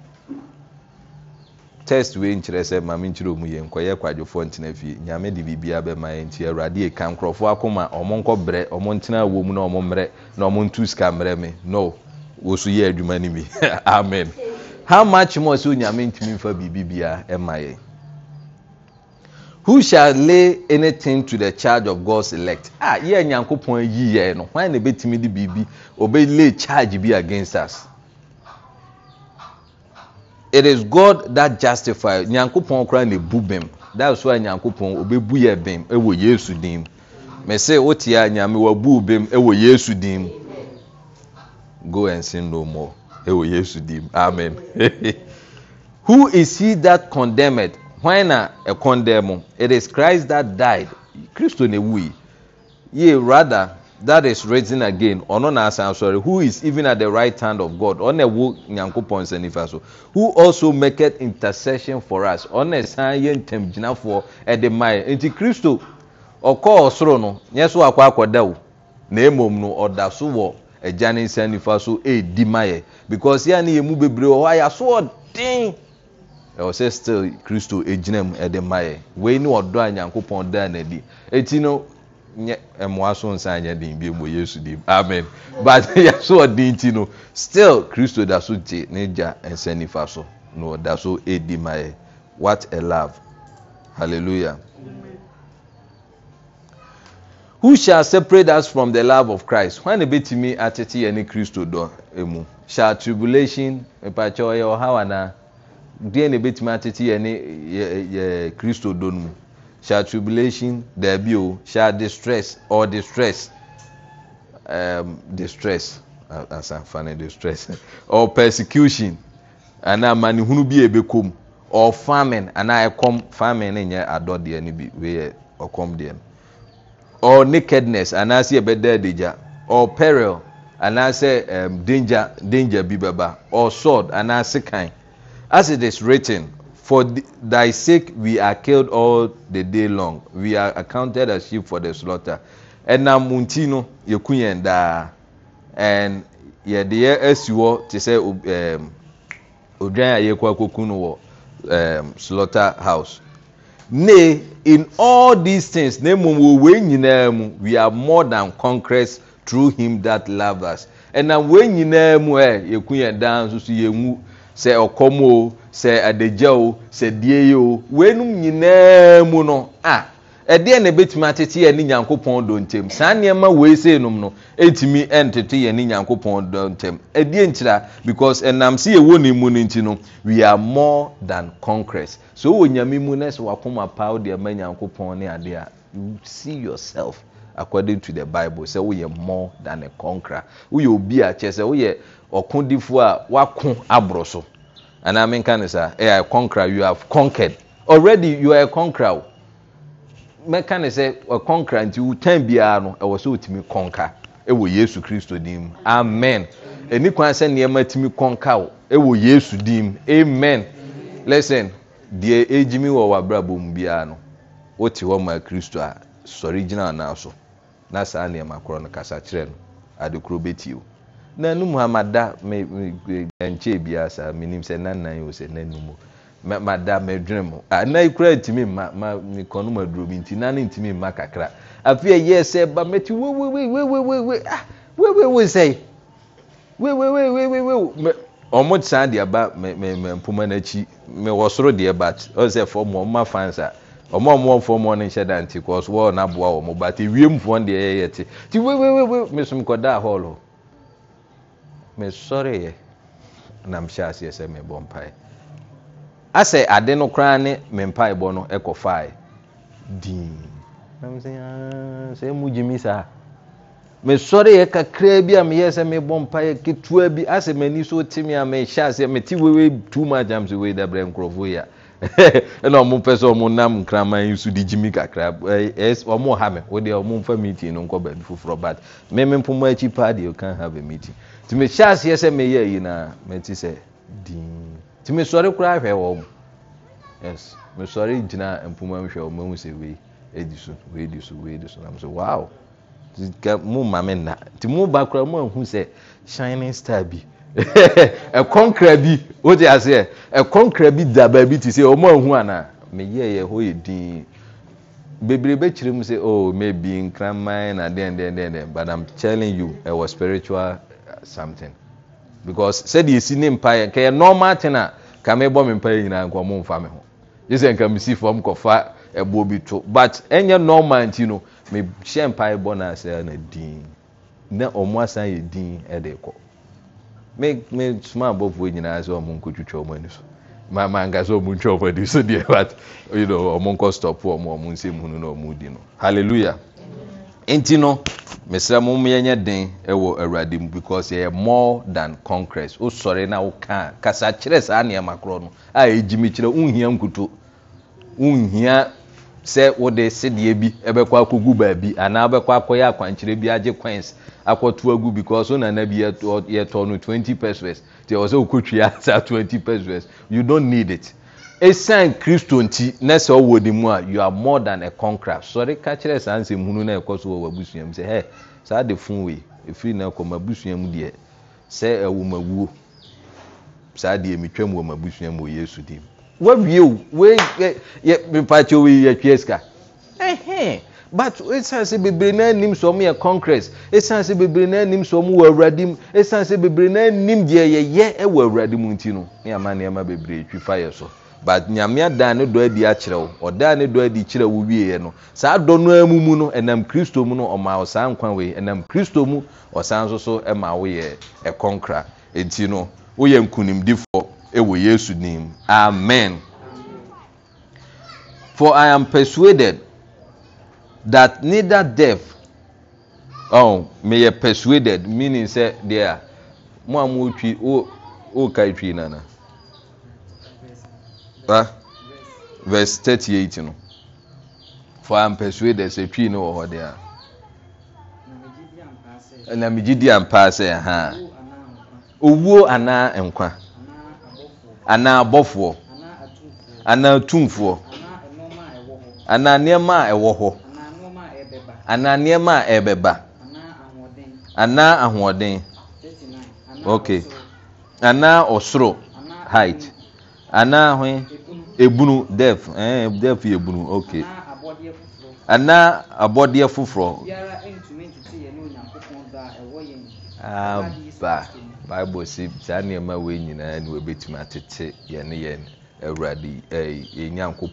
test wei nkyerɛ sɛ ma me nkyerɛ mu yɛ nkɔyɛ kwadwofoɔ ntena fie nyame de biribiaa bɛma yɛ nti awurade ɛka nkurɔfoɔ akoma ɔmo nkɔ brɛ ɔmo ntena wɔ mu na ɔmo mmerɛ na ɔmo ntu sika mmerɛ me no wɔ yɛ adwuma no bi [laughs] amen how much more sɛ onyame ntumi mfa biribi biara ɛma yɛ who shall lay anything to the charge of God's elect Ah, yɛ nyankopɔn yi yɛ no hwan na ebetumi de biribi obe lay charge bi against us it is God that justifies nyankopɔn koraa na ebu bɛm that's why nyankopɔn obebu yɛ bɛm ɛwɔ Yesu dim mɛsɛ wotia nyame wabu bɛm ɛwɔ Yesu dim go and sin no more. ɛɛsdmwho [laughs] is that condemnd hw na ɛkɔnd m itis christ that died kristo noɛwuyi y ratthaisr again ɔnonsasr whois eve at the rigt ndof god ɔnwo yankopɔn nsanifaso ho somaked intercession for us ɔnɛ san yɛntamgyinafoɔ de maɛ nti kristo ɔkɔɔ soro no yɛ so kakɔda wo namomnoɔdaso wɔgyane nsa nifa so di mayɛ because yɛn ni yɛn mu bebree wɔ hɔ ayɛ aso ɔden ɛwɔ sɛ still kristo egyina mu ɛde ma yɛ wei ni ɔdɔ a nyankopɔn da n'adi eti no nyɛ ɛmoa so nsa nyɛ den bi mu yesu dim amen but [laughs] yɛso ɔden ti no still kristo da so te ne gya nsa nifa so na ɔda so edi ma yɛ what a love hallelujah. Amen who shall separate us from the love of christ hwan ebetumi atete yɛn ne kristo dɔ emu shall tribulation mpatsɛ ɔyɛ ɔhaw anaa deɛ na ebetumi atete yɛn ne kristo dɔ no shall tribulation daabi o shall distress or distress um, distress asanfani distress [laughs] or persecution anaa amanihunu bi a ebekɔ mu or famine anaa ɛkɔm famine ne nyɛ adɔ deɛ ne bi wei yɛ ɔkɔm or nakedness anaasɛ yɛbɛda adagya or peril anaasɛ um, danger danger bi bɛba or sword anaasɛ kan as it is written for thy sake we are killed all the day long we are accounted as sheep for the slaughter ɛnam mu nti no yɛku yɛn daa and yɛde yɛ asi hɔ te sɛ ɛɛm odwan a yɛkɔ akɔku no wɔ ɛɛm slaughter house. Nay, in all these things, na mmom wɔ wei nyinaa mu, we are more than conquerors through him that loved us. Ɛnam wei nyinaa mu ɛ, eh, yɛku yɛn dan nso so yɛn mu sɛ ɔkɔm o, sɛ adagya o, sɛ die yi o, wei nom nyinaa mu no a. Ah, ɛdeɛ na ɛbɛtumi atete yɛ ne nyankopɔn dɔ ntɛm saa nneɛma wei sei nom no ɛtumi ɛntete yɛ ne nyankopɔn dɔ ntɛm ɛdeɛ nkyira because ɛnam sɛ yɛwɔ ne mu no nti no we are more than conquerors so wɔ nyame mu na sɛ wakoma paa wo deɛ ma nyankopɔn ne adeɛ a you see yourself according to the bible sɛ woyɛ more than a conqueror woyɛ obi a kyerɛ sɛ woyɛ ɔkodifoɔ a wako aborɔ so anaa menka no saa ɛyɛ conqueror you have conquered already you are a conqueror mɛka ne sɛ kɔnkra nti wo tan biara no ɛwɔ sɛ wotumi kɔnka ɛwɔ yesu kristo din mu amen ɛni kwan sɛ nneɛma tumi kɔnka wo ɛwɔ yesu din mu amen listen deɛ ɛgyimi wɔ w'abrabɔ mu biara no wote hɔ ma kristo a sɔre gyina anaa so na saa nneɛma korɔ no kasa kyerɛ no ade korɔ o na anum amada me me nkyɛn biara saa menim sɛ nanan yi o sɛ nanum o. mada madwene mu na ikura ntumi mma ma mekɔno ma duro mi nti na ne ntumi mma kakra afei wee sɛ ba mɛti wee ah wee wee wee ɔmo saa deɛ ba mɛ mɛ mpoma n'akyi mɛ wɔ soro deɛ bat ɔsɛ fɔm wɔn mma fans a ɔmo a wɔn fɔm wɔn nhyɛ da nti kɔ so wɔn aboa wɔn bat ewiem fɔn deɛ yɛyɛ ti ti wewewewe mesom kɔda hɔl o mesɔre yɛ nam hyɛ aseɛ sɛ mɛbɔ mpae. asɛ ade no koraa ne me mpaebɔ no ɛkɔfae dinsɛ ah, mu gyemi saa mesɔreyɛ kakraa bi a meyɛ sɛ mebɔ mpayɛ ketewa bi asɛ m'ani so teme a mehyɛ aseɛ mete wewe too much am sɛ wei dabrɛ nkurɔfoɔ yi a [laughs] ɛna ɔmo pɛ sɛ ɔmo nam nkraman yi so de gyimi kakra ɛs ɔmo ha me o deɛ ɔmo nfa meeting no nkɔ baabi foforɔ but mmemme mpoma akyi paa deɛ you can have a meeting nti mehyɛ aseɛ sɛ meyɛ yi na mɛte sɛ diin nti mesɔre koraa hwɛ wɔn yes mesɔre gyina mpoma mu hwɛ wɔn mu sɛ wei edi so wei di so wei di so na mo sɛ wow ka mo ma me na nti mo ba koraa mo ahu sɛ shining star bi [laughs] ɛkɔnkra bi o ti aseɛ ɛkɔnkra bi da baabi ti sɛ wɔn oh, ahu ana meyɛ yɛ hɔ yɛ dinn bebree bɛkyerɛ mu sɛ oh maybe nkraman na den den den den but i'm telling you it was spiritual uh, something because sɛdeɛ esi ne mpaeɛ nka yɛ normal ten ah, a kame bɔ me mpaeɛ nyinaa nka ɔmo nfa me ho gye sɛ nka me si fam kɔfa ɛboɔ bi to but ɛnyɛ normal nti no me hyɛ mpaeɛ bɔ na asɛ na din na ɔmo asan yɛ din ɛde eh, kɔ me me suma abɔfoɔ nyinaa sɛ ɔmo nkotwitwa ɔmo ani so ma ma nka sɛ ɔmo ntwa ɔmo ani so [laughs] deɛ but you know ɔmo nkɔ stop ɔmo ɔmo nsɛm hunu na ɔmo di no hallelujah. nti no mesrɛ mo yɛnyɛ den wɔ awurade mu because yɛyɛ more than congress wosɔre na wokaa kasa kyerɛ saa nneɛma korɔ no a ɛgyimi kyerɛ wonhia nkutu wonhia sɛ wode sedeɛ bi bɛkɔ akɔgu baabi anaa wobɛkɔ akɔyɛ akwankyerɛ bi agye quins akɔto agu because wonana bi yɛtɔ no 20 pesos nti ɛwɔ sɛ wokɔtwea [laughs] saa 20 pesos you don't need it ɛsiane kristo nti na sɛ ɔwɔ ne mu a you are more than a conqueror sɔre ka kyerɛ saa nsɛm hunu na ɛkɔ so wɔ w'abusua mu sɛ hɛ saa de fun wei efiri na ɛkɔ m'abusua mu deɛ sɛ ɛwɔ m'awuo saa deɛ metwam wɔ m'abusua mu wɔ yesu dim wawie o wei yɛ mpakyɛ wei yɛ twɛ sika ɛhɛn but ɛsiane sɛ bebree naa nim sɛ ɔmo yɛ congress ɛsiane sɛ bebree naa nim sɛ ɔmo wɔ awurade mu ɛsiane sɛ bebree naa nim deɛ yɛyɛ ɛwɔ awurade mu nti no ne ama nneɛma bebree twi fa yɛ so but nyame adan ne dɔ adi akyerɛ wo ɔdan ne dɔ adi kyerɛ wo wieɛ no saa dɔ no amu mu no ɛnam kristo mu no ɔma ɔsaa nkwa wei ɛnam kristo mu ɔsan nso so ma woyɛ ɛkɔnkra eti no woyɛ nkunimdifoɔ ɛwɔ yesu nim amen for i am persuaded that neither death oh meyɛ persuaded meaning sɛ deɛ a mo a mo twi o o ka twi nana. vs 38 no am persuaded sɛ twii no wɔ hɔ a na megyedi ampaa sɛ haa ɔwuo anaa nkwa anaa abɔfoɔ anaa tumfoɔ anaa nnoɔma a ɛwɔ hɔ anaa nnoɔma a ɛbɛba anaa ahoɔden ok anaa ɔsoro height anaa hwe ebunu def eh, def yɛ ebunu ok anaa abɔdeɛ foforɔ aba bible si saa nneɛma wei nyinaa ni wɔbɛtumi atete yɛn ne yɛn awurade ɛɛ eh, yɛn nyanko.